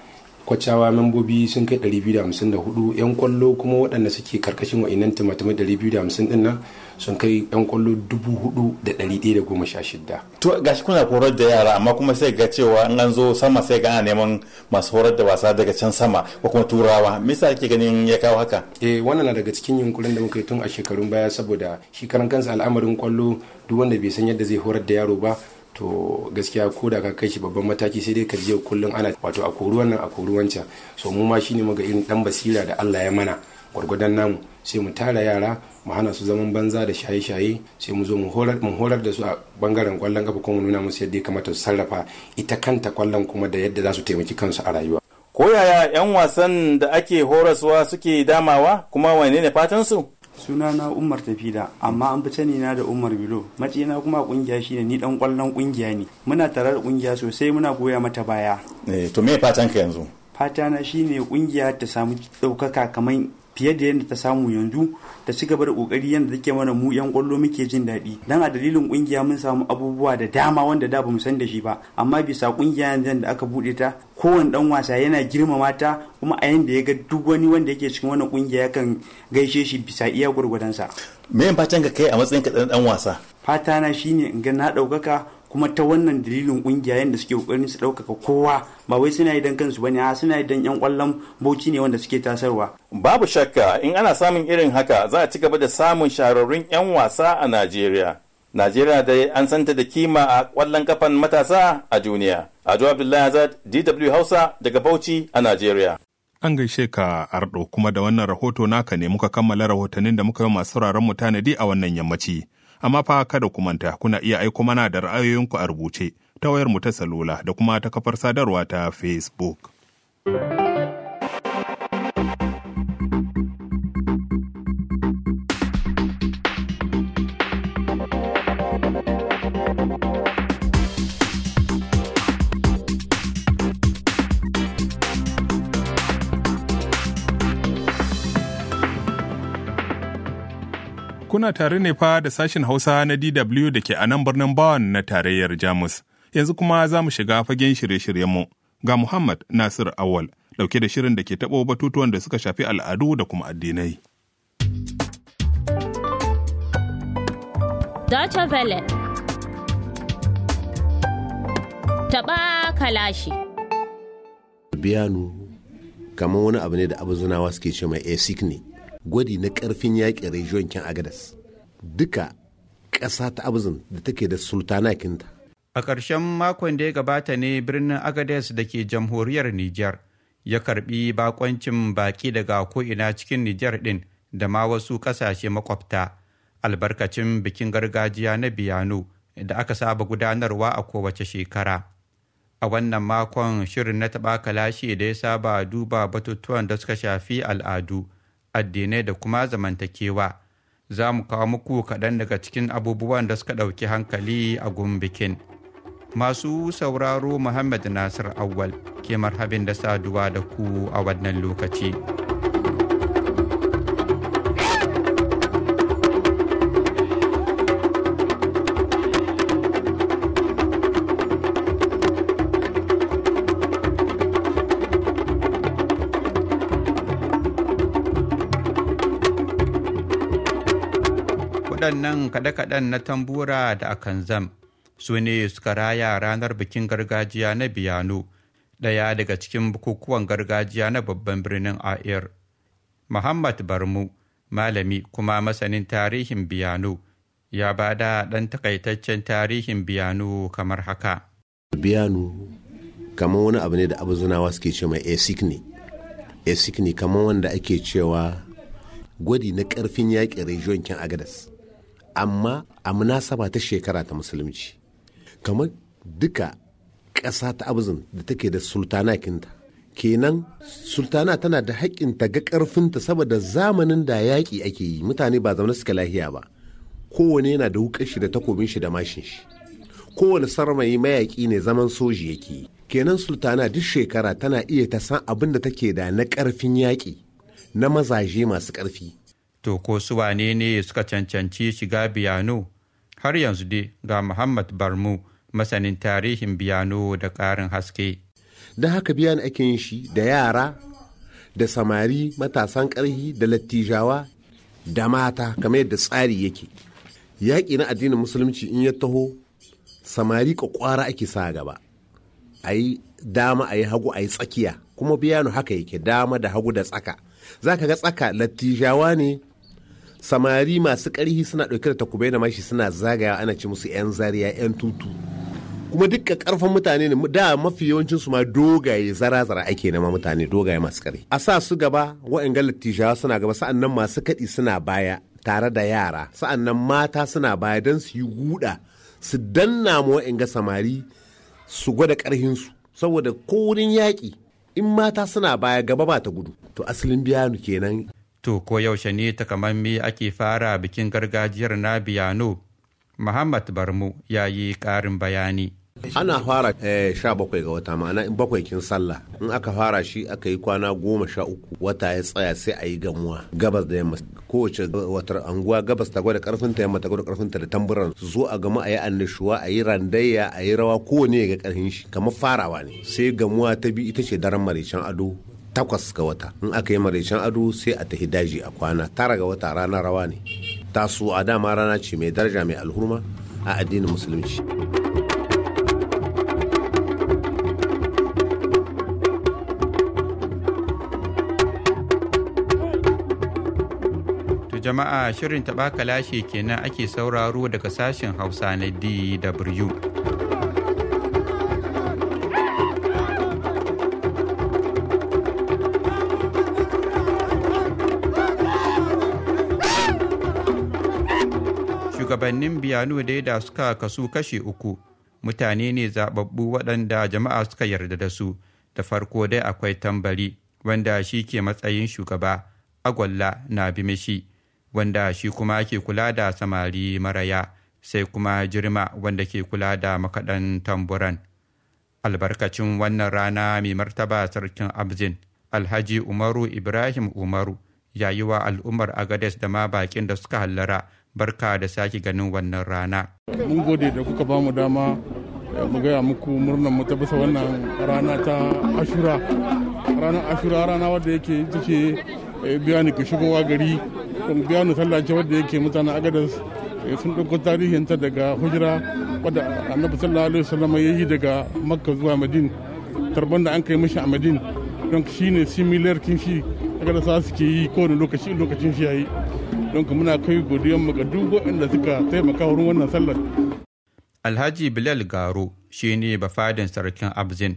kwacawa membobi sun kai 254 'yan kwallo kuma waɗanda suke karkashin wa'inan tumatumai 250 din nan sun kai 'yan kwallo 4,116 to gashi kuna horar da yara amma kuma sai ga cewa in an zo sama sai gana ana neman masu horar da wasa daga can sama ko kuma turawa misa ke ganin ya kawo haka eh wannan na daga cikin yunkurin da muka yi tun a shekarun baya saboda shi karan kansa al'amarin kwallo duk wanda bai san yadda zai horar da yaro ba to gaskiya ko da ka kai shi babban mataki sai dai ka je kullum ana wato a koruwan nan a koruwan can so mu ma shine muga irin dan basira da Allah ya mana gwargwadon namu sai mu tara yara mu hana su zaman banza da shaye-shaye sai mu zo mu horar da su a bangaren kwallon kafa kuma mu nuna musu yadda ya kamata su sarrafa ita kanta kwallon kuma da yadda za su taimaki kansu a rayuwa ko yaya 'yan wasan da ake horaswa suke damawa kuma wane ne fatan su suna na umar tafida amma an fi sani na da umar bilo na kuma kungiya shine ni dan kwallon kungiya ne muna tare da kungiya sosai muna goya mata baya eh to me fatan ka yanzu fata na shine kungiya ta samu daukaka kamar fiye da yadda ta samu yanzu ta ci gaba da kokari yadda take mana mu yan kwallo muke jin daɗi dan a dalilin kungiya mun samu abubuwa da dama wanda da bamu san da shi ba amma bisa kungiya yanzu da aka bude ta kowane dan wasa yana girmama ta kuma a yanda ya ga duk wani wanda yake cikin wannan kungiya yakan gaishe shi bisa iya gurgudansa me fatan ka kai a matsayin ka dan wasa Fatana na shine in ga na ɗaukaka kuma ta wannan dalilin kungiya yadda suke kokarin su ɗaukaka kowa ba wai suna yi don kansu bane a suna yi don yan kwallon bauchi ne wanda suke tasarwa babu shakka in ana samun irin haka za a ci gaba da samun shahararrun yan wasa a najeriya najeriya da an santa da kima a kwallon kafan matasa a duniya ado abdullahi azad dw hausa daga bauchi a najeriya an gaishe ka ardo kuma da wannan rahoto naka ne muka kammala rahotannin da muka yi masu mu tanadi a wannan yammaci Amma fa kada ku manta kuna iya aiko mana da ra'ayoyinku a rubuce ta mu ta salula da kuma ta kafar sadarwa ta Facebook. kuna tare ne fa da sashen Hausa na DW da ke a nan birnin Bawan na tarayyar Jamus. Yanzu kuma za mu shiga fagen shirye-shiryenmu ga Muhammad Nasir Awal dauke da shirin da ke taɓo batutuwan da suka shafi al'adu da kuma addinai. Deutsche Welle Taɓa kalashi Biyanu kamar wani abu ne da abu zunawa suke ce mai ne. gwadi na karfin yaƙi rejiyon kin agadas duka ƙasa ta abuzin da take da sultana kinta a ƙarshen makon da ya gabata ne birnin agadas da ke jamhuriyar nijar ya karbi bakoncin baki daga ko'ina cikin nijar ɗin da ma wasu ƙasashe makwabta albarkacin bikin gargajiya na biyano da aka saba gudanarwa a kowace shekara a wannan makon shirin na taɓa kalashe da ya saba duba batutuwan da suka shafi al'adu addinai da kuma zamantakewa za mu kawo muku kaɗan daga cikin abubuwan da suka ɗauki hankali a gun bikin masu sauraro muhammad nasir awal ke marhabin da saduwa da ku a wannan lokaci. waɗannan kaɗe-kaɗen na tambura da zam su ne suka raya ranar bikin gargajiya na biyano ɗaya daga cikin bukukuwan gargajiya na babban birnin air muhammad barmu malami kuma masanin tarihin biyano ya ba da ɗan takaitaccen tarihin biyano kamar haka biyano kamar wani abu ne da abuzunawa suke ce mai asik ne kamar wanda ake cewa gwadi na ƙarfin yaƙin region kin agadas amma a munasaba ta shekara ta musulunci kamar duka ƙasa ta abuzin da take da sultana kinta kenan sultana tana da haƙƙin ta ga ƙarfinta saboda zamanin da yaƙi ake yi mutane ba zaune suka lahiya ba kowane yana da wukar shi da takobin shi da mashin shi kowane sarmayi mayaƙi ne zaman soji yake yi kenan sultana duk shekara tana iya ta san abin da take da na ƙarfin yaƙi na mazaje masu ƙarfi to ko su wane ne suka cancanci shiga biyano har yanzu dai ga muhammad barmu masanin tarihin biyano da ƙarin haske da haka biyan ake yin shi da yara da samari matasan ƙarhi da lattijawa da mata kamar yadda tsari yake yaƙi na addinin musulunci in ya taho samari kwakwara ake sa gaba a yi dama a yi hagu a yi tsakiya kuma biyano haka yake dama da hagu da tsaka za ka ga tsaka lattijawa ne samari masu ƙarhi suna ɗauke da takubai da mashi suna zagaya ana ci musu 'yan zariya 'yan tutu kuma duka karfin mutane ne da mafi yawancin su ma dogaye zara-zara ake nema mutane dogaye masu ƙarfi a sa su gaba wa'anga lattijawa suna gaba sa'annan masu kaɗi suna baya tare da yara sa'annan mata suna baya don su yi guda su danna ma ga samari su gwada su saboda ko wurin yaƙi in mata suna baya gaba ba ta gudu to asalin biyanu kenan To ko yaushe ne takamammi ake fara bikin gargajiyar na biyano? Muhammad Barmu ya yi ƙarin bayani. Ana fara eh, sha bakwai ga wata ma'ana in bakwai kin sallah in aka fara shi aka yi kwana goma sha uku wata ya tsaya sai a yi gamuwa gabas da yamma kowace watar anguwa gabas ta gwada karfin ta yamma ta gwada karfin ta da tamburan su zo a gamu a yi annashuwa a yi randayya a yi rawa kowane ya ga karfin shi kamar farawa ne sai gamuwa ta bi ita ce daren maricin ado takwas ga wata in aka yi maraicen ado sai a tafi daji a kwana tara ga wata rana rawa ne taso a dama rana ce mai daraja mai alhurma a addinin musulunci jama'a shirin taɓa kalashe kenan ake sauraro daga sashen hausa na dw shugabannin biyanu dai da suka kasu kashe uku mutane ne zababbu waɗanda jama'a suka yarda da su da farko dai akwai tambari wanda shi ke matsayin shugaba agwalla na bimishi wanda shi kuma ke kula da samari maraya sai kuma jirma wanda ke kula da makaɗan tamburan albarkacin wannan rana mai martaba sarkin abzin alhaji umaru ibrahim umaru yayuwa al'ummar agades da ma bakin da suka hallara barka da sake ganin wannan rana. Mun gode da kuka ba mu dama eh, mu gaya muku murnan mu ta bisa wannan rana ta Ashura. Ranar Ashura rana wadda yake take eh, biya ni ka shigowa gari biya ni sallah wadda yake mutanen Agadas eh, sun ɗauko tarihin ta daga hujira wadda annabi sallallahu alaihi wasallam ya yi daga Makka zuwa Madin. Tarban da an kai mishi a Madin don shine similar kin shi Agadas suke yi kowane lokaci lokacin shi yayi. don muna kai godiyar mu ga duk waɗanda suka taimaka wurin wannan sallar. Alhaji Bilal Garo shi ne bafadin sarkin Abzin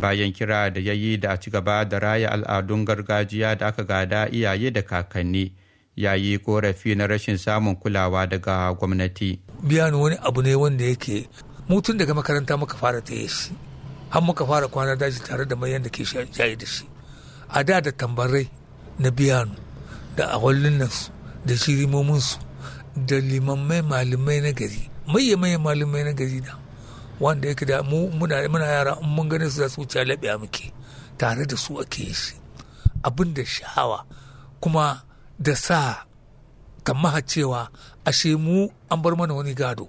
bayan kira da ya yi da a ci gaba da raya al'adun gargajiya da aka gada iyaye da kakanni ya yi korafi na rashin samun kulawa daga gwamnati. Biyan wani abu ne wanda yake mutum daga makaranta muka fara ta shi har muka fara kwana daji tare da mayan da ke shayi da shi a da da tambarai na biyanu da awallin nan da shirimominsu da limammai malamai na gari maye maye malamai na gari da wanda yake da muna yara in mun ganin su za su wuce labiya muke tare da su ake yi shi abin da sha'awa kuma da sa kamaha cewa ashe mu an bar mana wani gado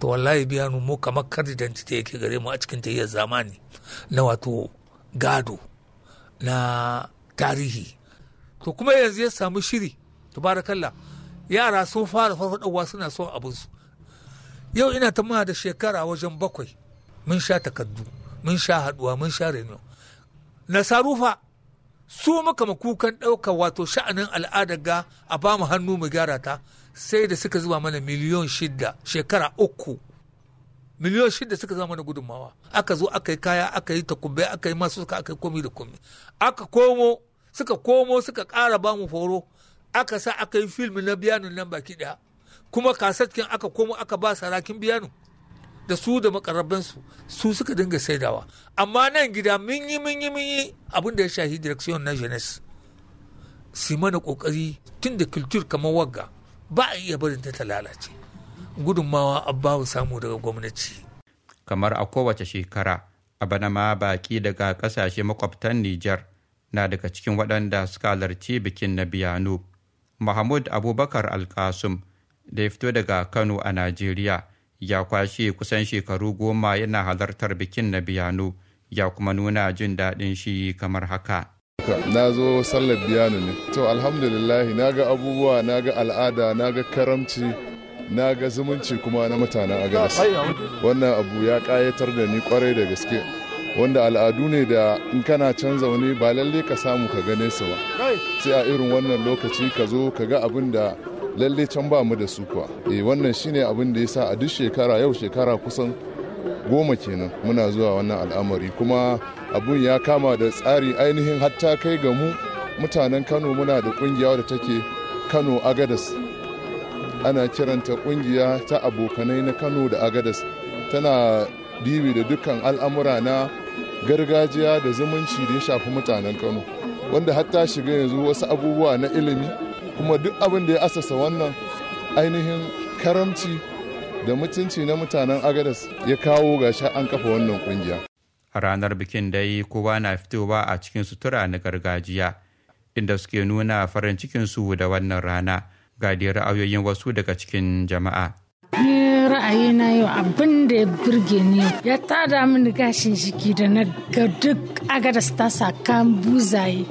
to wallahi biya nu mu kamar kardidanci da yake gare mu a cikin tayyar zamani na wato gado na tarihi to kuma yanzu ya samu shiri tabarakalla yara sun fara farfadowa suna son abinsu yau ina ta muna da shekara wajen bakwai mun sha takardu mun sha haduwa mun sha reno nasarufa su muka makukan ɗauka wato sha'anin al'adar ga a ba mu hannu mu gyara ta sai da suka zuba mana miliyon shida shekara uku miliyon shida suka zama mana gudunmawa aka zo aka yi kaya aka yi takubai aka yi masu suka aka yi komi da komi aka komo suka komo suka ƙara ba mu horo aka sa aka yi film na biyanu nan baki daya kuma kasatkin aka komo aka ba sarakin biyanu da su da makarabansu su suka dinga saidawa amma nan gida mun yi mun yi mun yi abin da ya shahi direction na jeunesse su mana kokari tun da culture kamar wagga ba a iya barin ta ta lalace gudunmawa abbawu samu daga gwamnati kamar a kowace shekara a bana ma baki daga kasashe makwabtan Nijar na daga cikin waɗanda suka halarci bikin na biyano mahmud abubakar alkasum da ya fito daga kano a najeriya ya kwashe kusan shekaru goma yana halartar bikin na biyano ya kuma nuna jin daɗin shi kamar haka na zo sallar biyano ne to alhamdulillah na ga abubuwa na ga al'ada na ga karamci na ga zumunci kuma na mutanen agadas wannan abu ya ƙayatar da ni kwarai da gaske wanda al'adu ne da in kana can zaune ba lalle ka samu ka gane su ba sai a irin wannan lokaci ka zo ka ga abin da lalle can ba mu da su kuwa eh wannan shine abin da sa a duk shekara yau shekara kusan goma kenan muna zuwa wannan al'amari kuma abun ya kama da tsari ainihin hatta kai ga mu mutanen kano muna da kungiya da take kano agadas ana kiranta kungiya ta abokanai na kano da agadas tana dibi da dukkan al'amura na gargajiya da zumunci da ya shafi mutanen kano wanda hatta shiga yanzu wasu abubuwa na ilimi kuma duk abin da ya asasa wannan ainihin karamci da mutunci na mutanen agadas ya kawo gashi an kafa wannan kungiya ranar bikin dai kowa na fitowa a cikin sutura na gargajiya inda suke nuna farin cikinsu da wannan rana ga ra'ayoyin wasu daga cikin jama'a Ni ra'ayi na yau abin da ya birge ni ya tada mini gashin jiki da na ga duk agadas ta sakan buzaye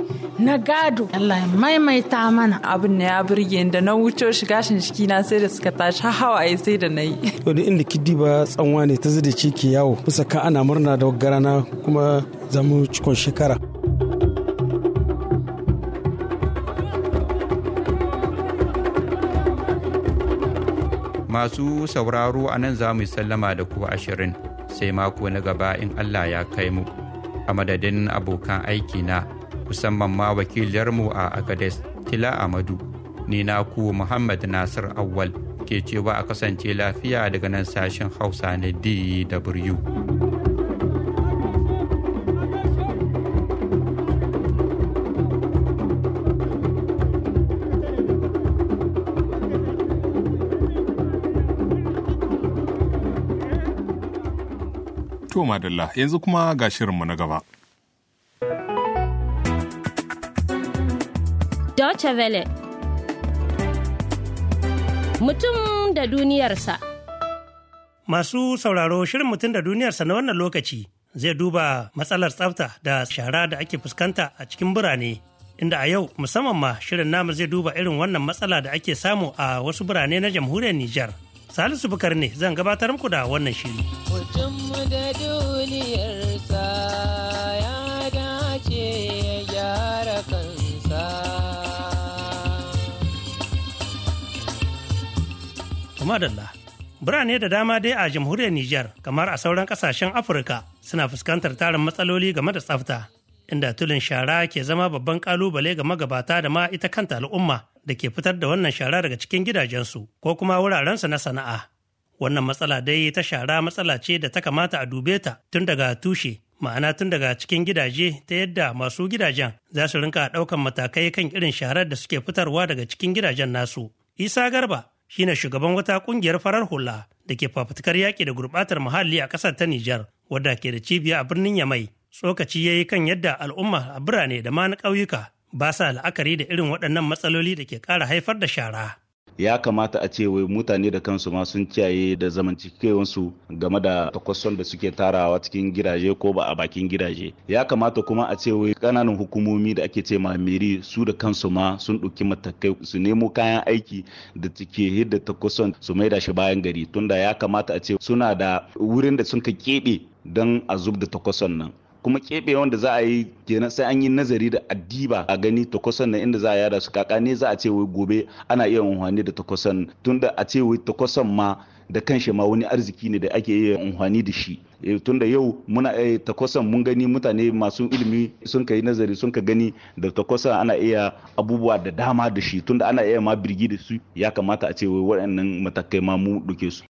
na gado Allah ya maimaita mana abin da ya birge da na wuce shi gashin jiki na sai da suka tashi hawaye sai da nayi yi to da inda kiddi ba tsanwa ne ta zida ciki yawo bisa ka ana murna da na kuma zamu cikon shekara masu sauraro a nan za mu sallama da ku ashirin sai mako na gaba in Allah ya kai mu a madadin abokan aiki na musamman ma wakiliyarmu a Agades Tila Amadu ni na ku Muhammad Nasir Awwal ke cewa a kasance lafiya daga nan sashen Hausa na DW. To madalla yanzu kuma ga shirinmu na gaba. Deutsche Welle Mutum da duniyarsa Masu sauraro shirin mutum da duniyarsa na wannan lokaci zai duba matsalar tsafta da shara da ake fuskanta a cikin birane inda a yau musamman ma shirin namu zai duba irin wannan matsala da ake samu a wasu birane na jamhuriyar Nijar. Salisu Bukar ne zan gabatar muku da wannan shiri. Mutum da duniyarsa ya dace ya gyara kansa. Madalla, birane da dama dai a jamhuriyar Nijar kamar a sauran kasashen Afirka suna fuskantar tarin matsaloli game da tsafta. inda tulin shara ke zama babban kalubale ga magabata da ma ita kanta al'umma da ke fitar da wannan shara daga cikin gidajensu ko kuma wurarensu na sana'a. Wannan matsala dai ta shara matsala ce da ta kamata a dube ta tun daga tushe, ma'ana tun daga cikin gidaje ta yadda masu gidajen za su rinka ɗaukan matakai kan irin sharar da suke fitarwa daga cikin gidajen nasu. Isa Garba shine shugaban wata kungiyar farar hula da ke fafutukar yaƙi da gurɓatar muhalli a ƙasar ta Nijar, wadda ke da cibiya a birnin Yamai. tsokaci ya yi kan yadda al'umma a birane da ma na ƙauyuka ba sa la'akari da irin waɗannan matsaloli da ke ƙara haifar da shara. ya kamata a ce wai mutane da kansu ma sun kiyaye da zamantakewansu game da takwason da suke tarawa cikin gidaje ko ba a bakin gidaje ya kamata kuma a ce wai kananan hukumomi da ake ce ma meri su da kansu ma sun ɗauki matakai su nemo kayan aiki da take hidda takwason su maida shi bayan gari tunda ya kamata a ce suna da wurin da sun ka keɓe don a zub da takwason nan kuma kebe wanda za a yi kenan sai an yi nazari da addiba a gani takwasan na inda za a yada su kaka ne za a ce wai gobe ana iya unhwani da takwasan. tunda a ce wai takwasan ma da kanshi ma wani arziki ne da ake iya unhwani da shi eh, tunda yau muna eh, takwasan mun gani mutane masu ilimi sun ka yi nazari sun ka gani da takwasan ana iya abubuwa da dama da shi tunda ana iya ma birgi da su ya kamata a ce wai waɗannan matakai ma mu ɗauke su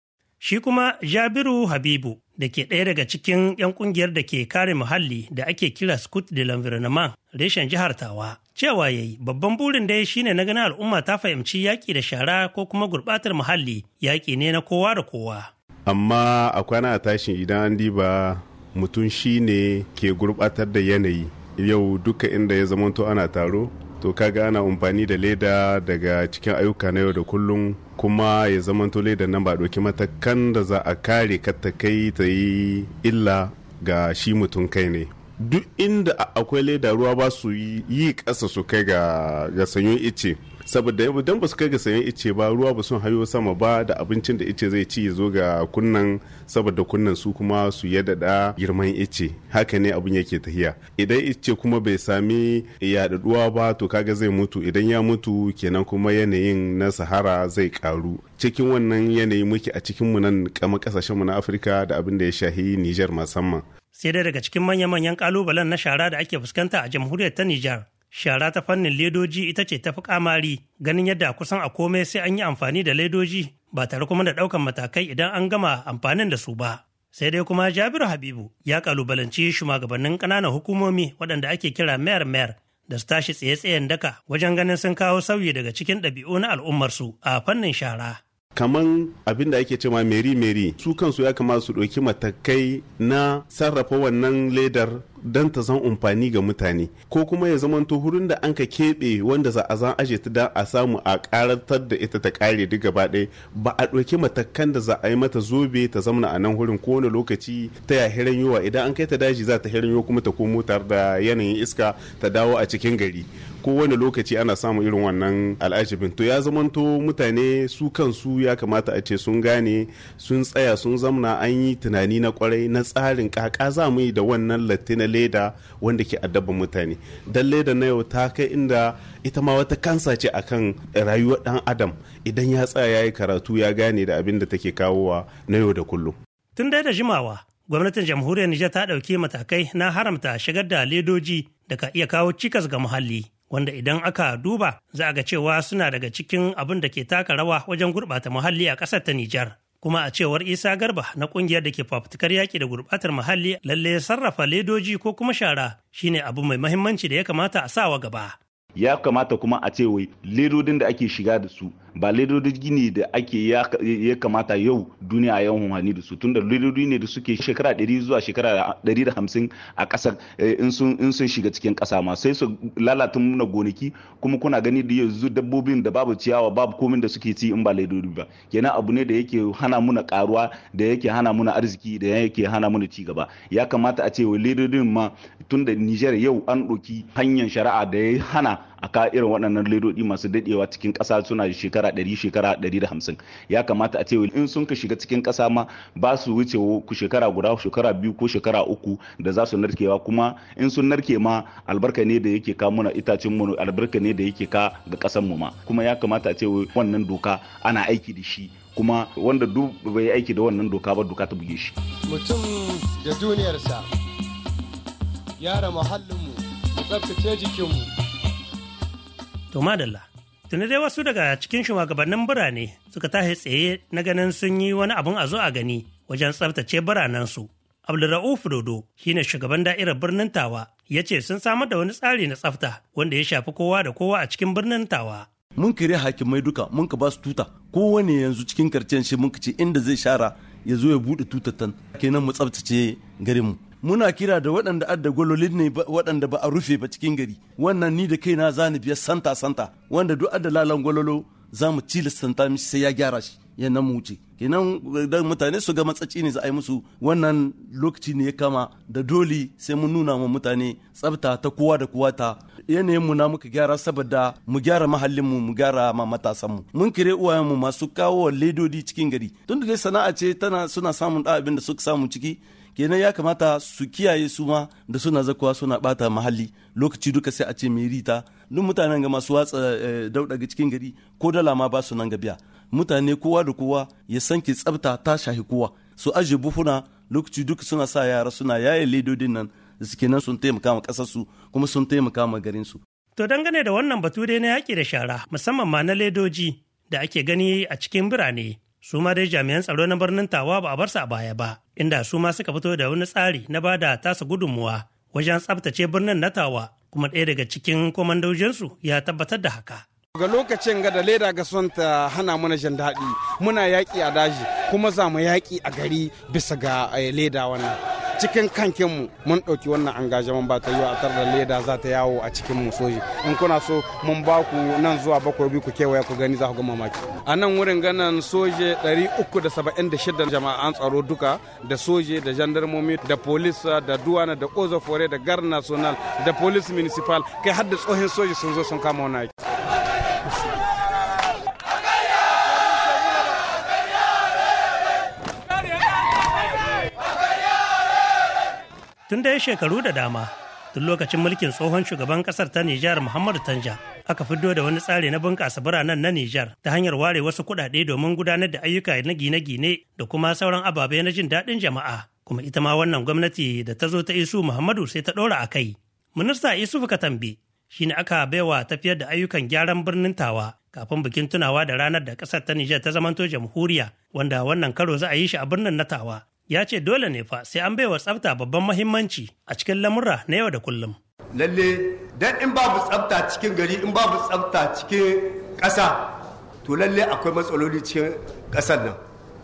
Shi kuma Jabiru Habibu da ke ɗaya daga cikin 'yan ƙungiyar da ke kare muhalli da ake kira Scout de l'Environnement reshen jihar Tawa. Cewa ya yi babban burin dai shine na ganin al'umma ta fahimci yaƙi da shara ko kuma gurɓatar muhalli yaƙi ne na kowa da kowa. Amma a kwana a tashin idan an diba mutum shine ke gurɓatar da yanayi yau duka inda ya zamanto ana taro to kaga ana amfani da leda daga cikin ayyuka na yau da kullum kuma ya zama zamanto leda nan ba doki matakan da za a kare katakai kai ta yi illa ga shi mutum kai ne duk inda akwai leda ruwa ba su yi ƙasa su kai ga sanyo ice saboda yau dan basu kai ga sayan ice ba ruwa ba sun hayo sama ba da abincin da ice zai ci ya zo ga kunnan saboda kunnan su kuma su yadada girman ice haka ne abin yake tahiya idan ice kuma bai sami yaɗaɗuwa ba to kaga zai mutu idan ya mutu kenan kuma yanayin na sahara zai karu cikin wannan yanayi muke a cikin mu nan kama kasashen mu na Afirka da abin da ya shahi Niger musamman sai dai daga cikin manya-manyan kalubalen na shara da ake fuskanta a jamhuriyar ta Nijar shara ta fannin ledoji ita ce ta fi kamari ganin yadda kusan a komai sai an yi amfani da ledoji ba tare kuma da ɗaukan matakai idan an gama amfanin da su ba. Sai dai kuma Jabiru Habibu ya kalubalanci shugabannin ƙananan hukumomi waɗanda ake kira mayar mayar da su tashi tsaye-tsayen daka wajen ganin sun kawo sauyi daga cikin ɗabi'u na al'ummarsu a fannin shara. kaman abin da ake cewa meri meri su kansu ya kamata su ɗauki matakai na sarrafa wannan ledar don ta zan amfani ga mutane ko kuma ya zamanto hurin da an ka keɓe wanda za a zan aje ta don a samu a karatar da ita ta kare duk gaba ɗaya ba a ɗauki matakan da za a yi mata zobe ta zamana a nan hurin kowane lokaci ta ya hiran yiwa idan an kai ta daji za ta hiran yiwa kuma ta komo tare da yanayin iska ta dawo a cikin gari kowane lokaci ana samun irin wannan al'ajibin to ya zamanto mutane su kansu ya kamata a ce sun gane sun tsaya sun zamna an yi tunani na kwarai na tsarin kaka za mu yi da wannan latina leda wanda ke addaban mutane dan leda na yau ta kai inda ita ma wata kansa ce akan rayuwar dan adam idan ya tsaya ya yi karatu ya gane da abin da take kawowa na yau da kullum tun dai da jimawa gwamnatin jamhuriyar nijar ta ɗauki matakai na haramta shigar da ledoji da ka iya kawo cikas ga muhalli wanda idan aka duba za a ga cewa suna daga cikin abin da ke taka rawa wajen gurbata muhalli a ƙasar ta Nijar. kuma a cewar isa garba na kungiyar da ke fafutukar yaƙi da gurɓatar muhalli lalle sarrafa ledoji ko kuma shara shine abu mai mahimmanci da ya kamata a sawa gaba ya kamata kuma a ce wai ledodin da ake shiga da su ba ledodi gini da ake ya kamata yau duniya yan hunhani da su tunda ledodi ne da suke shekara 100 zuwa shekara 150 a kasar eh, in sun shiga cikin kasa ma sai su lalata muna gonaki kuma kuna gani da yanzu dabbobin da babu ciyawa babu komin da suke ci in ba ledodi ba kenan abu ne da yake hana muna karuwa da yake hana muna arziki da yake hana muna ci gaba ya kamata a ce wa ledodin ma tunda Nijar yau an ɗauki hanyar shari'a da ya hana a ka irin waɗannan ledodi masu daɗewa cikin ƙasa suna shekara shekara 100 shekara 150 ya kamata a ce in sun ka shiga cikin ƙasa ma ba su wuce ku shekara guda shekara biyu ko shekara uku da za su narkewa kuma in sun narke ma albarka ne da yake ka muna itacin mu albarka ne da yake ka ga kasan mu ma kuma ya kamata a ce wannan doka ana aiki da shi kuma wanda duk bai aiki da wannan doka ba doka ta buge shi mutum da duniyarsa gyara muhallinmu tsabtace jikinmu to madalla Tuni dai wasu daga cikin shugabannin birane suka tashi tsaye na ganin sun yi wani abin a zo a gani wajen tsabtace biranensu. Abdulra'uf Dodo shine shugaban da'irar birnin Tawa ya ce sun samar da wani tsari na tsafta wanda ya shafi kowa da kowa a cikin birnin Tawa. Mun kire hakimai duka mun ka ba su tuta kowane yanzu cikin karcen shi mun ce inda zai shara ya zo ya buɗe tutattan kenan mu tsaftace garinmu. muna kira da waɗanda adda gwalolin ne waɗanda ba a rufe ba cikin gari wannan ni da kai na zani biyar santa santa wanda duk adda lalan gwalolo za mu tilasta mishi sai ya gyara shi ya nan mu wuce kenan dan mutane su ga matsaci ne za a yi musu wannan lokaci ne ya kama da doli sai mu nuna wa mutane tsafta ta kowa da kowa ta yanayin mu na muka gyara saboda mu gyara mahallin mu mu gyara ma matasan mu mun kire uwayen mu masu kawo ledodi cikin gari tun da dai sana'a ce tana suna samun da abin da suka samu ciki kenan ya kamata su kiyaye su ma da suna zakuwa suna bata mahalli lokaci duka sai a ce mai rita duk mutanen ga masu watsa eh, dauda ga cikin gari ko dala ma ba su nan ga biya mutane kowa da kowa ya sanke tsafta ta shahi kowa su aje buhuna lokaci duka suna sa yara suna yaye ledodin nan da suke nan sun taimaka ma kasarsu kuma sun taimaka ma garinsu. To dangane da wannan batu dai na yaki da shara musamman ma na ledoji da ake gani a cikin birane su ma dai jami'an tsaro na birnin tawa ba a bar su a baya ba inda su ma suka fito da wani tsari na ba da tasa gudunmuwa wajen tsabtace birnin na tawa kuma ɗaya daga cikin kwamandojinsu ya tabbatar da haka ga lokacin ga da leda ga son ta hana mana jin daɗi muna yaƙi a daji kuma za mu yaƙi a gari bisa ga eh, leda wannan cikin mu mun ɗauki wannan angajaman ba ta yi a tar leda za ta yawo a cikin mu soji in kuna so mun ba ku nan zuwa bakwai biyu ku kewaya ku gani za ku ga mamaki a nan wurin ganan soje 376 jama'an tsaro duka da soje da jandarmomi da polis da duwana da ozofore da gar national da polis municipal kai har da tsohon soje sun zo sun kama wani aiki tun da ya shekaru da dama tun lokacin mulkin tsohon shugaban kasar ta Nijar Muhammadu Tanja aka fiddo da wani tsari na bunƙasa biranen na Nijar ta hanyar ware wasu kuɗaɗe domin gudanar da ayyuka na gine-gine da kuma sauran ababe na jin daɗin jama'a kuma ita ma wannan gwamnati da ta zo ta Isu Muhammadu sai ta ɗora a kai. Minista Isufu Katambe shi ne aka baiwa tafiyar da ayyukan gyaran birnin Tawa kafin bikin tunawa da ranar da ƙasar ta Nijar ta zamanto jamhuriya wanda wannan karo za a yi shi a birnin na Tawa ya ce dole ne fa sai an baiwa tsafta babban mahimmanci a cikin lamura na yau da kullum. Lalle dan in babu tsafta cikin gari in babu tsafta cikin ƙasa to lalle akwai matsaloli cikin ƙasar nan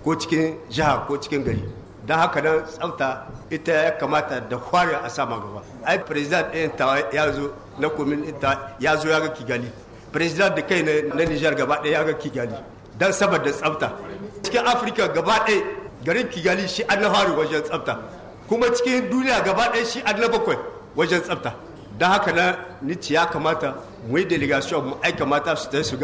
ko cikin jiha ko cikin gari. Don haka nan tsafta ita ya kamata da kware a sama gaba. Ai president ɗin ta ya zo na komin ita ya zo ya ga Kigali. President da kai na Nijar gaba ɗaya ya ga Kigali. Don saboda tsafta. Cikin Afirka gaba ɗaya garin kigali shi an na wajen tsafta kuma cikin duniya gaba ɗaya shi an na bakwai wajen tsafta don haka na nici ya kamata mu yi delegation mu aika mata su ta su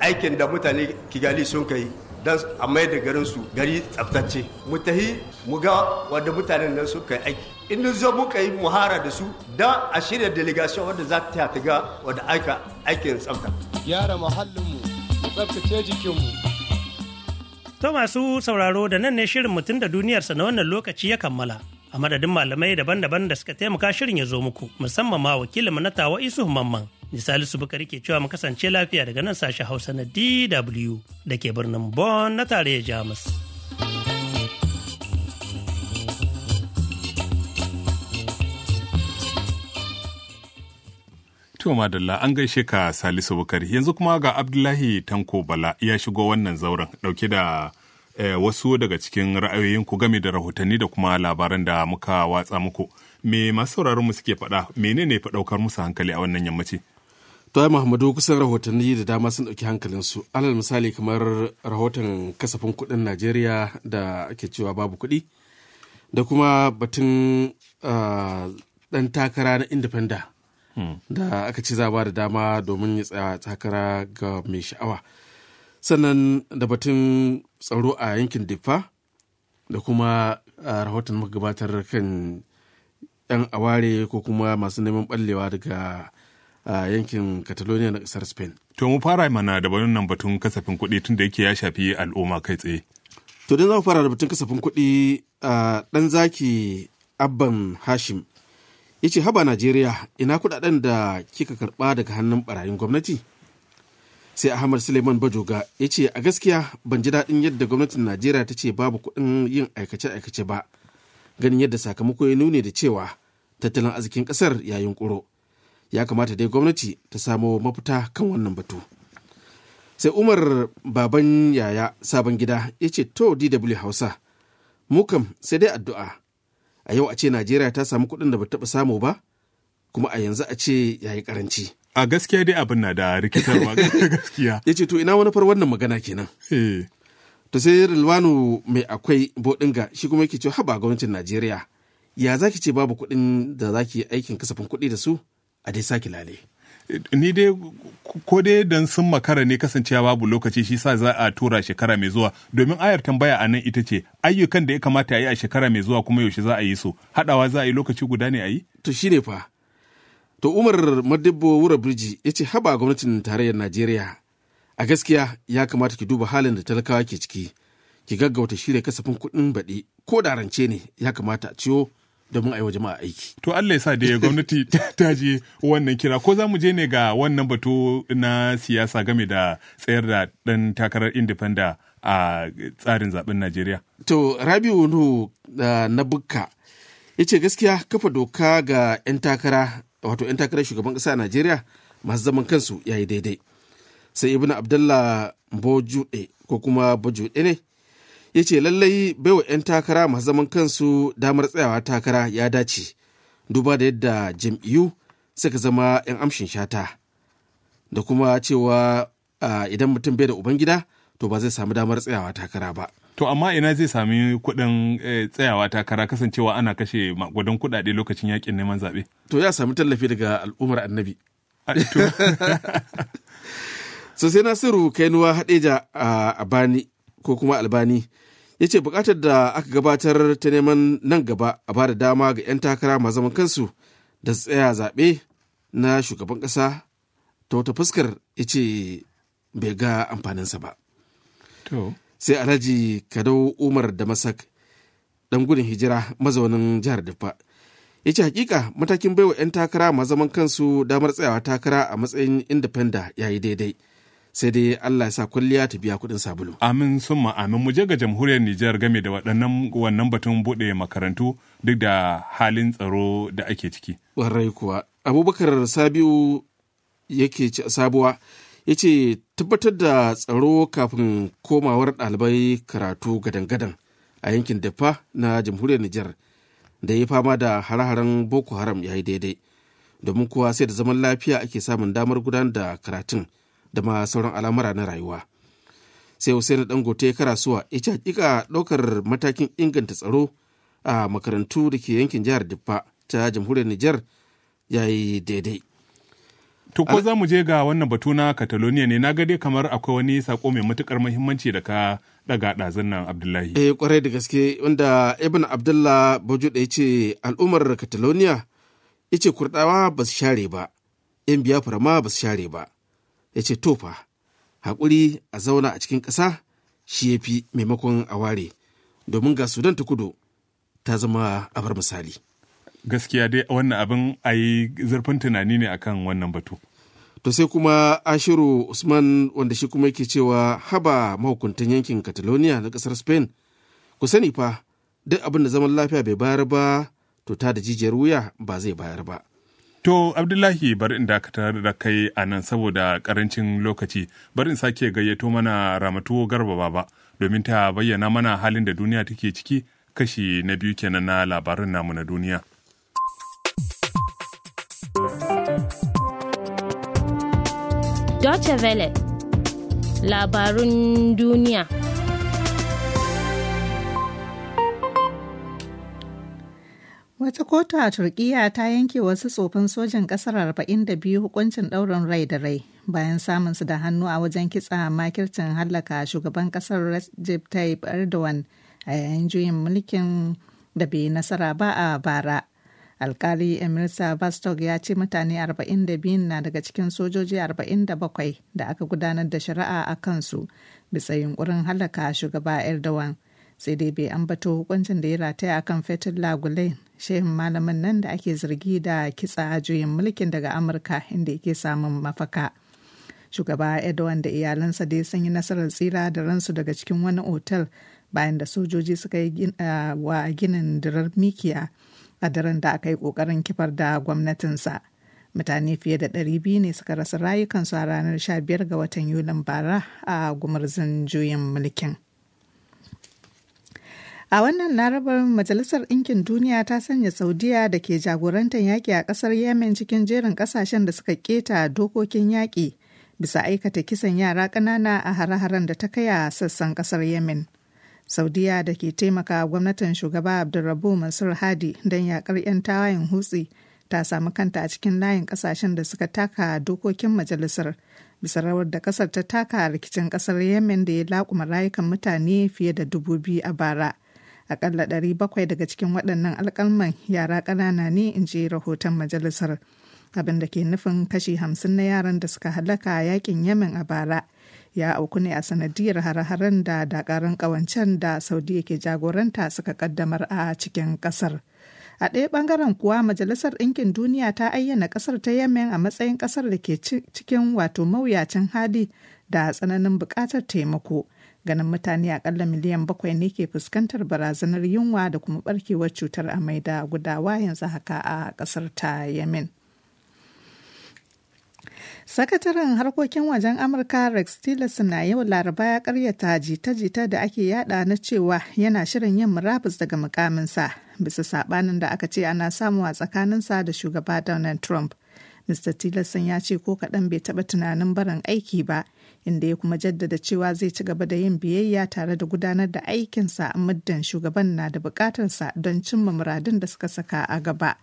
aikin da mutane kigali sun kai don a mai da garin su gari tsaftace mu tahi mu ga wanda mutanen nan suka yi aiki inda zo muka yi muhara da su da a shirya delegation wadda za ta ta ga wadda aika aikin tsafta gyara muhallinmu mu tsaftace jikinmu To masu sauraro da nan ne shirin mutum da duniyarsa na wannan lokaci ya kammala. A madadin malamai daban-daban da suka taimaka shirin ya zo muku musamman ma wakilinmu na tawa Isu Mamman. Misali su bukari ke cewa mu kasance lafiya daga nan sashen Hausa na DW da ke birnin Bonn na tarayyar Jamus. To madalla an gaishe ka Salisu Bukari yanzu kuma ga Abdullahi Tanko Bala ya shigo wannan zauren dauke da eh, wasu daga cikin ra'ayoyin ku game da rahotanni da kuma labaran da muka watsa muku. Me masu sauraron mu suke faɗa menene fa daukar musu hankali a wannan yammaci? To ai Muhammadu kusan rahotanni da dama sun hankalin su Alal misali kamar rahoton kasafin kuɗin Najeriya da ake cewa babu kuɗi da kuma batun ah, ɗan takara na indifenda. da aka ce za ba da dama domin ya tsaya takara ga mai sha'awa sannan da batun tsaro a yankin diffa da kuma rahoton muka gabatar kan 'yan aware ko kuma masu neman ɓallewa daga a yankin catalonia na kasar spain to mu fara mana da nan batun kasafin kuɗi tun da yake ya shafi al'umma kai tsaye to dan za mu fara da batun kasafin kuɗi a ɗan zaki abban hashim ya ce haba najeriya ina kudaden da kika karba daga hannun barayin gwamnati sai ahmad suleiman bajoga ya ce a gaskiya ban ji daɗin yadda gwamnatin najeriya ta ce babu kuɗin yin aikace-aikace ba ganin yadda sakamako ya nuni da cewa tattalin arzikin ƙasar ya yunƙuro ya kamata dai gwamnati ta samo mafita kan wannan batu sai umar baban yaya sabon gida ya ce to dw hausa mukam sai dai addu'a a yau a ce najeriya ta samu kuɗin da ba taɓa samu ba kuma a yanzu a ce ya yi karanci a gaskiya dai abin na da rikitarwa [laughs] gaskiya ya ce to ina wani far wannan magana kenan eh. to sai rilwanu mai akwai bodinga shi kuma yake cewa haba gwamnatin najeriya ya zaki ce babu kuɗin da zaki aikin kasafin kuɗi da su a dai saki lale ni dai ko dai dan sun makara ne kasancewa babu lokaci shi sa za a tura shekara mai zuwa domin ayar tambaya a nan ita ce ayyukan da ya kamata a yi a shekara mai zuwa kuma yaushe za a yi su haɗawa za a yi lokaci guda ne a yi to shine fa to umar madibbo wura birji ya ce haba gwamnatin tarayyar najeriya a gaskiya ya kamata ki duba halin da talakawa ke ciki ki gaggauta shirya kasafin kuɗin baɗi ko da rance ne ya kamata a ciwo. domin a yi wa jama'a aiki. To Allah ya sa da gwamnati [laughs] ta je wannan kira ko za mu je ne ga wannan batu na siyasa game da tsayar da ɗan takarar indifenda a tsarin zaben Najeriya. To rabi Nuhu na Bukka ya ce gaskiya kafa doka ga 'yan takara wato 'yan takarar shugaban ƙasa a Najeriya masu zaman kansu ya yi daidai. Sai Ibn Abdallah Bojude ko kuma Bojude ne ya ce lallai baiwa 'yan takara masu zaman kansu damar tsayawa takara ya dace duba da yadda jam'iyyu suka zama 'yan amshin shata da kuma cewa idan mutum bai da ubangida to ba zai samu damar tsayawa takara ba. To amma ina zai sami kuɗin eh, tsayawa takara kasancewa ana kashe magudan kuɗaɗe lokacin yakin neman zabe. To ya sami tallafi daga al'ummar annabi. [laughs] sosai Nasiru Kainuwa Hadeja a albani ko kuma Albani ya ce bukatar da aka gabatar ta neman nan gaba a ba da dama ga 'yan takara masu zaman kansu da tsaya zaɓe na shugaban ƙasa ta wata fuskar ya ce bai ga amfaninsa ba sai alhaji kadau umar da masak dan gudun hijira mazaunin jihar diffa ya ce hakika matakin baiwa 'yan takara masu zaman kansu damar tsayawa takara a matsayin indifenda ya yi daidai sai dai Allah ya sa kwalliya ta biya kuɗin sabulu. Amin sun amin mu je ga jamhuriyar Nijar game da waɗannan wannan batun buɗe makarantu duk da halin tsaro da ake ciki. Warai kuwa Abubakar Sabiu yake sabuwa ya ce tabbatar da tsaro kafin komawar ɗalibai karatu gadan-gadan a yankin Dafa na jamhuriyar Nijar da ya fama da hare-haren Boko Haram ya yi daidai. Domin kuwa sai da zaman lafiya ake samun damar gudanar da karatun. da ma sauran al'amura na rayuwa sai na Dangote Karasuwa ya ci hakika ɗaukar matakin inganta tsaro a makarantu da ke yankin jihar Diffa ta jamhuriyar Nijar ya yi daidai. To ko za mu je ga wannan batu na Catalonia ne na ga dai kamar akwai wani sako mai matukar muhimmanci da ka daga ɗazun nan Abdullahi. Eh kwarai da gaske wanda Ibn Abdullah Bojo ya ce al'ummar Catalonia ya ce Kurdawa ba su share ba, 'yan biya ma ba su share ba. ya ce tofa haƙuri a zauna a cikin ƙasa shi ya fi maimakon a ware domin ga sudan ta kudu ta zama abar misali gaskiya dai wannan abin a yi zurfin tunani ne akan wannan batu to sai kuma ashiru usman wanda shi kuma yake cewa haba mahukuntan yankin catalonia na kasar spain ku sani fa duk abin da zaman lafiya bai bayar ba to ta da jijiyar wuya ba zai bayar ba To Abdullahi bari in dakatar da kai a nan saboda karancin lokaci bari in sake gayyato mana ramatu garba ba, domin ta bayyana mana halin da duniya take ciki kashi na biyu kenan na labarin namu na duniya. Deutsche Welle labarun duniya. Wata kotu a Turkiyya ta yanke wasu tsofin sojan ƙasar 42 hukuncin ɗaurin rai da rai bayan samunsu da hannu a wajen kitsa makircin hallaka shugaban ƙasar Recep Tayyip Erdogan a yayin juyin mulkin da bai nasara ba a bara. Alkali Emir Bastok ya ce mutane 42 na daga cikin sojoji 47 da aka gudanar da shari'a a kansu bisa yunkurin hallaka shugaba Erdogan. sai dai bai ambato hukuncin da ya rataya akan Fetur lagulai shehin malamin nan da ake zargi da kitsa juyin mulkin daga Amurka inda yake samun mafaka. Shugaba Edwan da iyalansa dai sun yi nasarar tsira da ransu daga cikin wani otal bayan da sojoji suka yi wa ginin dirar mikiya a daren da aka yi kokarin kifar da gwamnatinsa. Mutane fiye da ɗari biyu ne suka rasa rayukansu a ranar 15 ga watan Yulin bara a gumurzin juyin mulkin. A wannan larabar Majalisar Ɗinkin Duniya ta sanya Saudiya da ke jagorantar yaƙi a ƙasar Yemen cikin jerin ƙasashen da suka keta dokokin yaƙi bisa aikata kisan yara ƙanana a hare-haren da ta kai a sassan ƙasar Yemen. Saudiya da ke taimaka gwamnatin shugaba Abdulrabu Mansur Hadi don yaƙar 'yan tawayen hutsi ta samu kanta a cikin layin ƙasashen da suka taka dokokin majalisar bisa rawar da ƙasar ta taka a rikicin ƙasar Yemen da ya laƙuma rayukan mutane fiye da dubu biyu a bara. Akalla 700 daga cikin waɗannan alƙalman yara ƙanana ne in ji rahoton majalisar. Abin da ke nufin kashi hamsin na yaran da suka halaka a yakin yamin a bara ya auku ne a sanadiyar hare-haren da dakarun ƙawancen da saudi ke jagoranta suka ƙaddamar a cikin ƙasar. A ɗaya ɓangaren kuwa Majalisar Ɗinkin Duniya ta ayyana ƙasar ta yamin a matsayin ƙasar da ke cikin wato mawuyacin hali da tsananin buƙatar taimako. ganin mutane akalla miliyan bakwai ne ke fuskantar barazanar yunwa da kuma barkewar cutar amai da gudawa yanzu haka a kasar ta yamin. sakataren harkokin wajen amurka rex tillerson na yau laraba ya karyata jita-jita da ake yada na cewa yana shirin yin murabus daga mukaminsa bisa sabanin da aka ce ana samu a tsakaninsa da shugaba donald trump mr tillerson ya ce ko kaɗan bai taɓa tunanin barin aiki ba inda ya kuma jaddada cewa zai ci gaba da yin biyayya tare da gudanar da aikinsa muddin shugaban na da bukatarsa don cimma muradun da suka saka a gaba.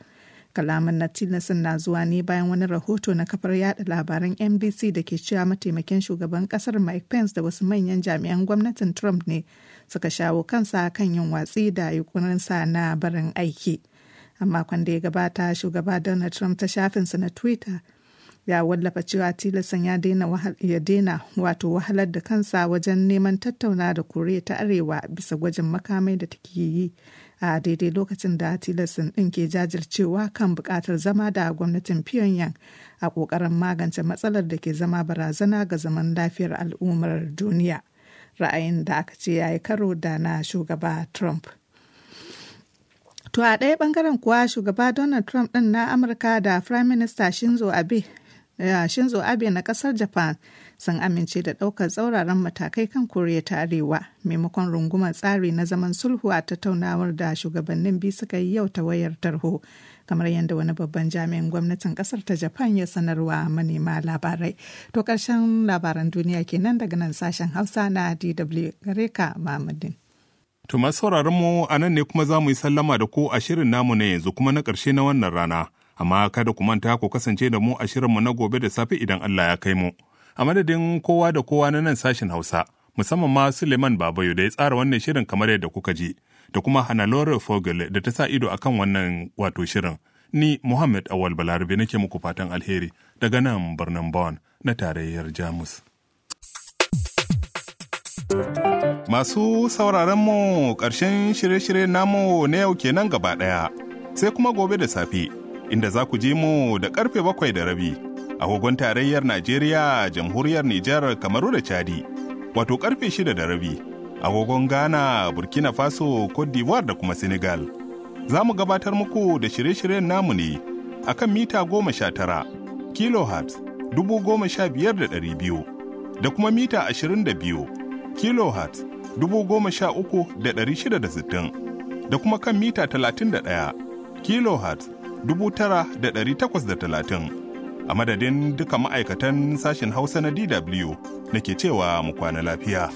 kalaman na tilasin na zuwa ne bayan wani rahoto na kafar yada labaran nbc da ke cewa mataimakin shugaban kasar mike pence da wasu manyan jami'an gwamnatin trump ne suka shawo kansa kan yin watsi da yunkurinsa na barin aiki amma makon da ya gabata shugaba donald trump ta shafinsa na twitter ya wallafa cewa tilasan ya daina ya daina wato wahalar da kansa wajen neman tattauna da koriya ta arewa bisa gwajin makamai da take yi a daidai lokacin da tilasan ɗin ke jajircewa kan bukatar zama da gwamnatin pyongyang a kokarin magance matsalar da ke zama barazana ga zaman lafiyar al'ummar duniya ra'ayin da aka ce ya yi karo da na shugaba trump To a ɗaya ɓangaren kuwa shugaba Donald Trump ɗin na Amurka da Prime Minister Shinzo Abe Shinzo Abe na kasar Japan sun amince da ɗaukar tsauraran matakai kan Koriya ta Arewa maimakon rungumar tsari na zaman sulhu a tattaunawar da shugabannin biyu suka yi yau ta wayar tarho kamar yadda wani babban jami'in gwamnatin kasar ta Japan ya sanarwa manema labarai. To ƙarshen labaran duniya kenan daga nan sashen Hausa na DW Gareka Mamadin. To masu sauraron mu a nan ne kuma za mu yi sallama da ko a shirin namu na yanzu kuma na ƙarshe na wannan rana. amma kada ku manta ku kasance da mu a shirinmu na gobe da safe idan Allah ya kai mu. A madadin kowa da kowa na nan sashen Hausa, musamman ma Suleiman Babayo da ya tsara wannan shirin kamar yadda kuka ji, da kuma lore Fogel da ta sa ido a kan wannan wato shirin. Ni Muhammad Awal Balarabe nake muku fatan alheri daga nan birnin Bonn na tarayyar Jamus. Masu sauraron mu ƙarshen shirye shiryen namu na yau kenan gaba ɗaya, sai kuma gobe da safe. inda za ku je mu da karfe bakwai da rabi agogon tarayyar Najeriya, jamhuriyar Nijar, Kamaru da Chadi, wato karfe shida da rabi agogon Ghana, Burkina Faso, Cote d'Ivoire da kuma Senegal. Za mu gabatar muku da shirye-shiryen namu ne a kan mita goma sha tara, kilohertz dubu goma sha biyar da ɗari biyu, da kuma mita ashirin da biyu, kilohertz dubu goma sha uku da ɗari shida da sittin, da kuma kan mita talatin da ɗaya, kilohertz 9,830 a madadin duka ma'aikatan sashen hausa na dw nake cewa mu kwana lafiya.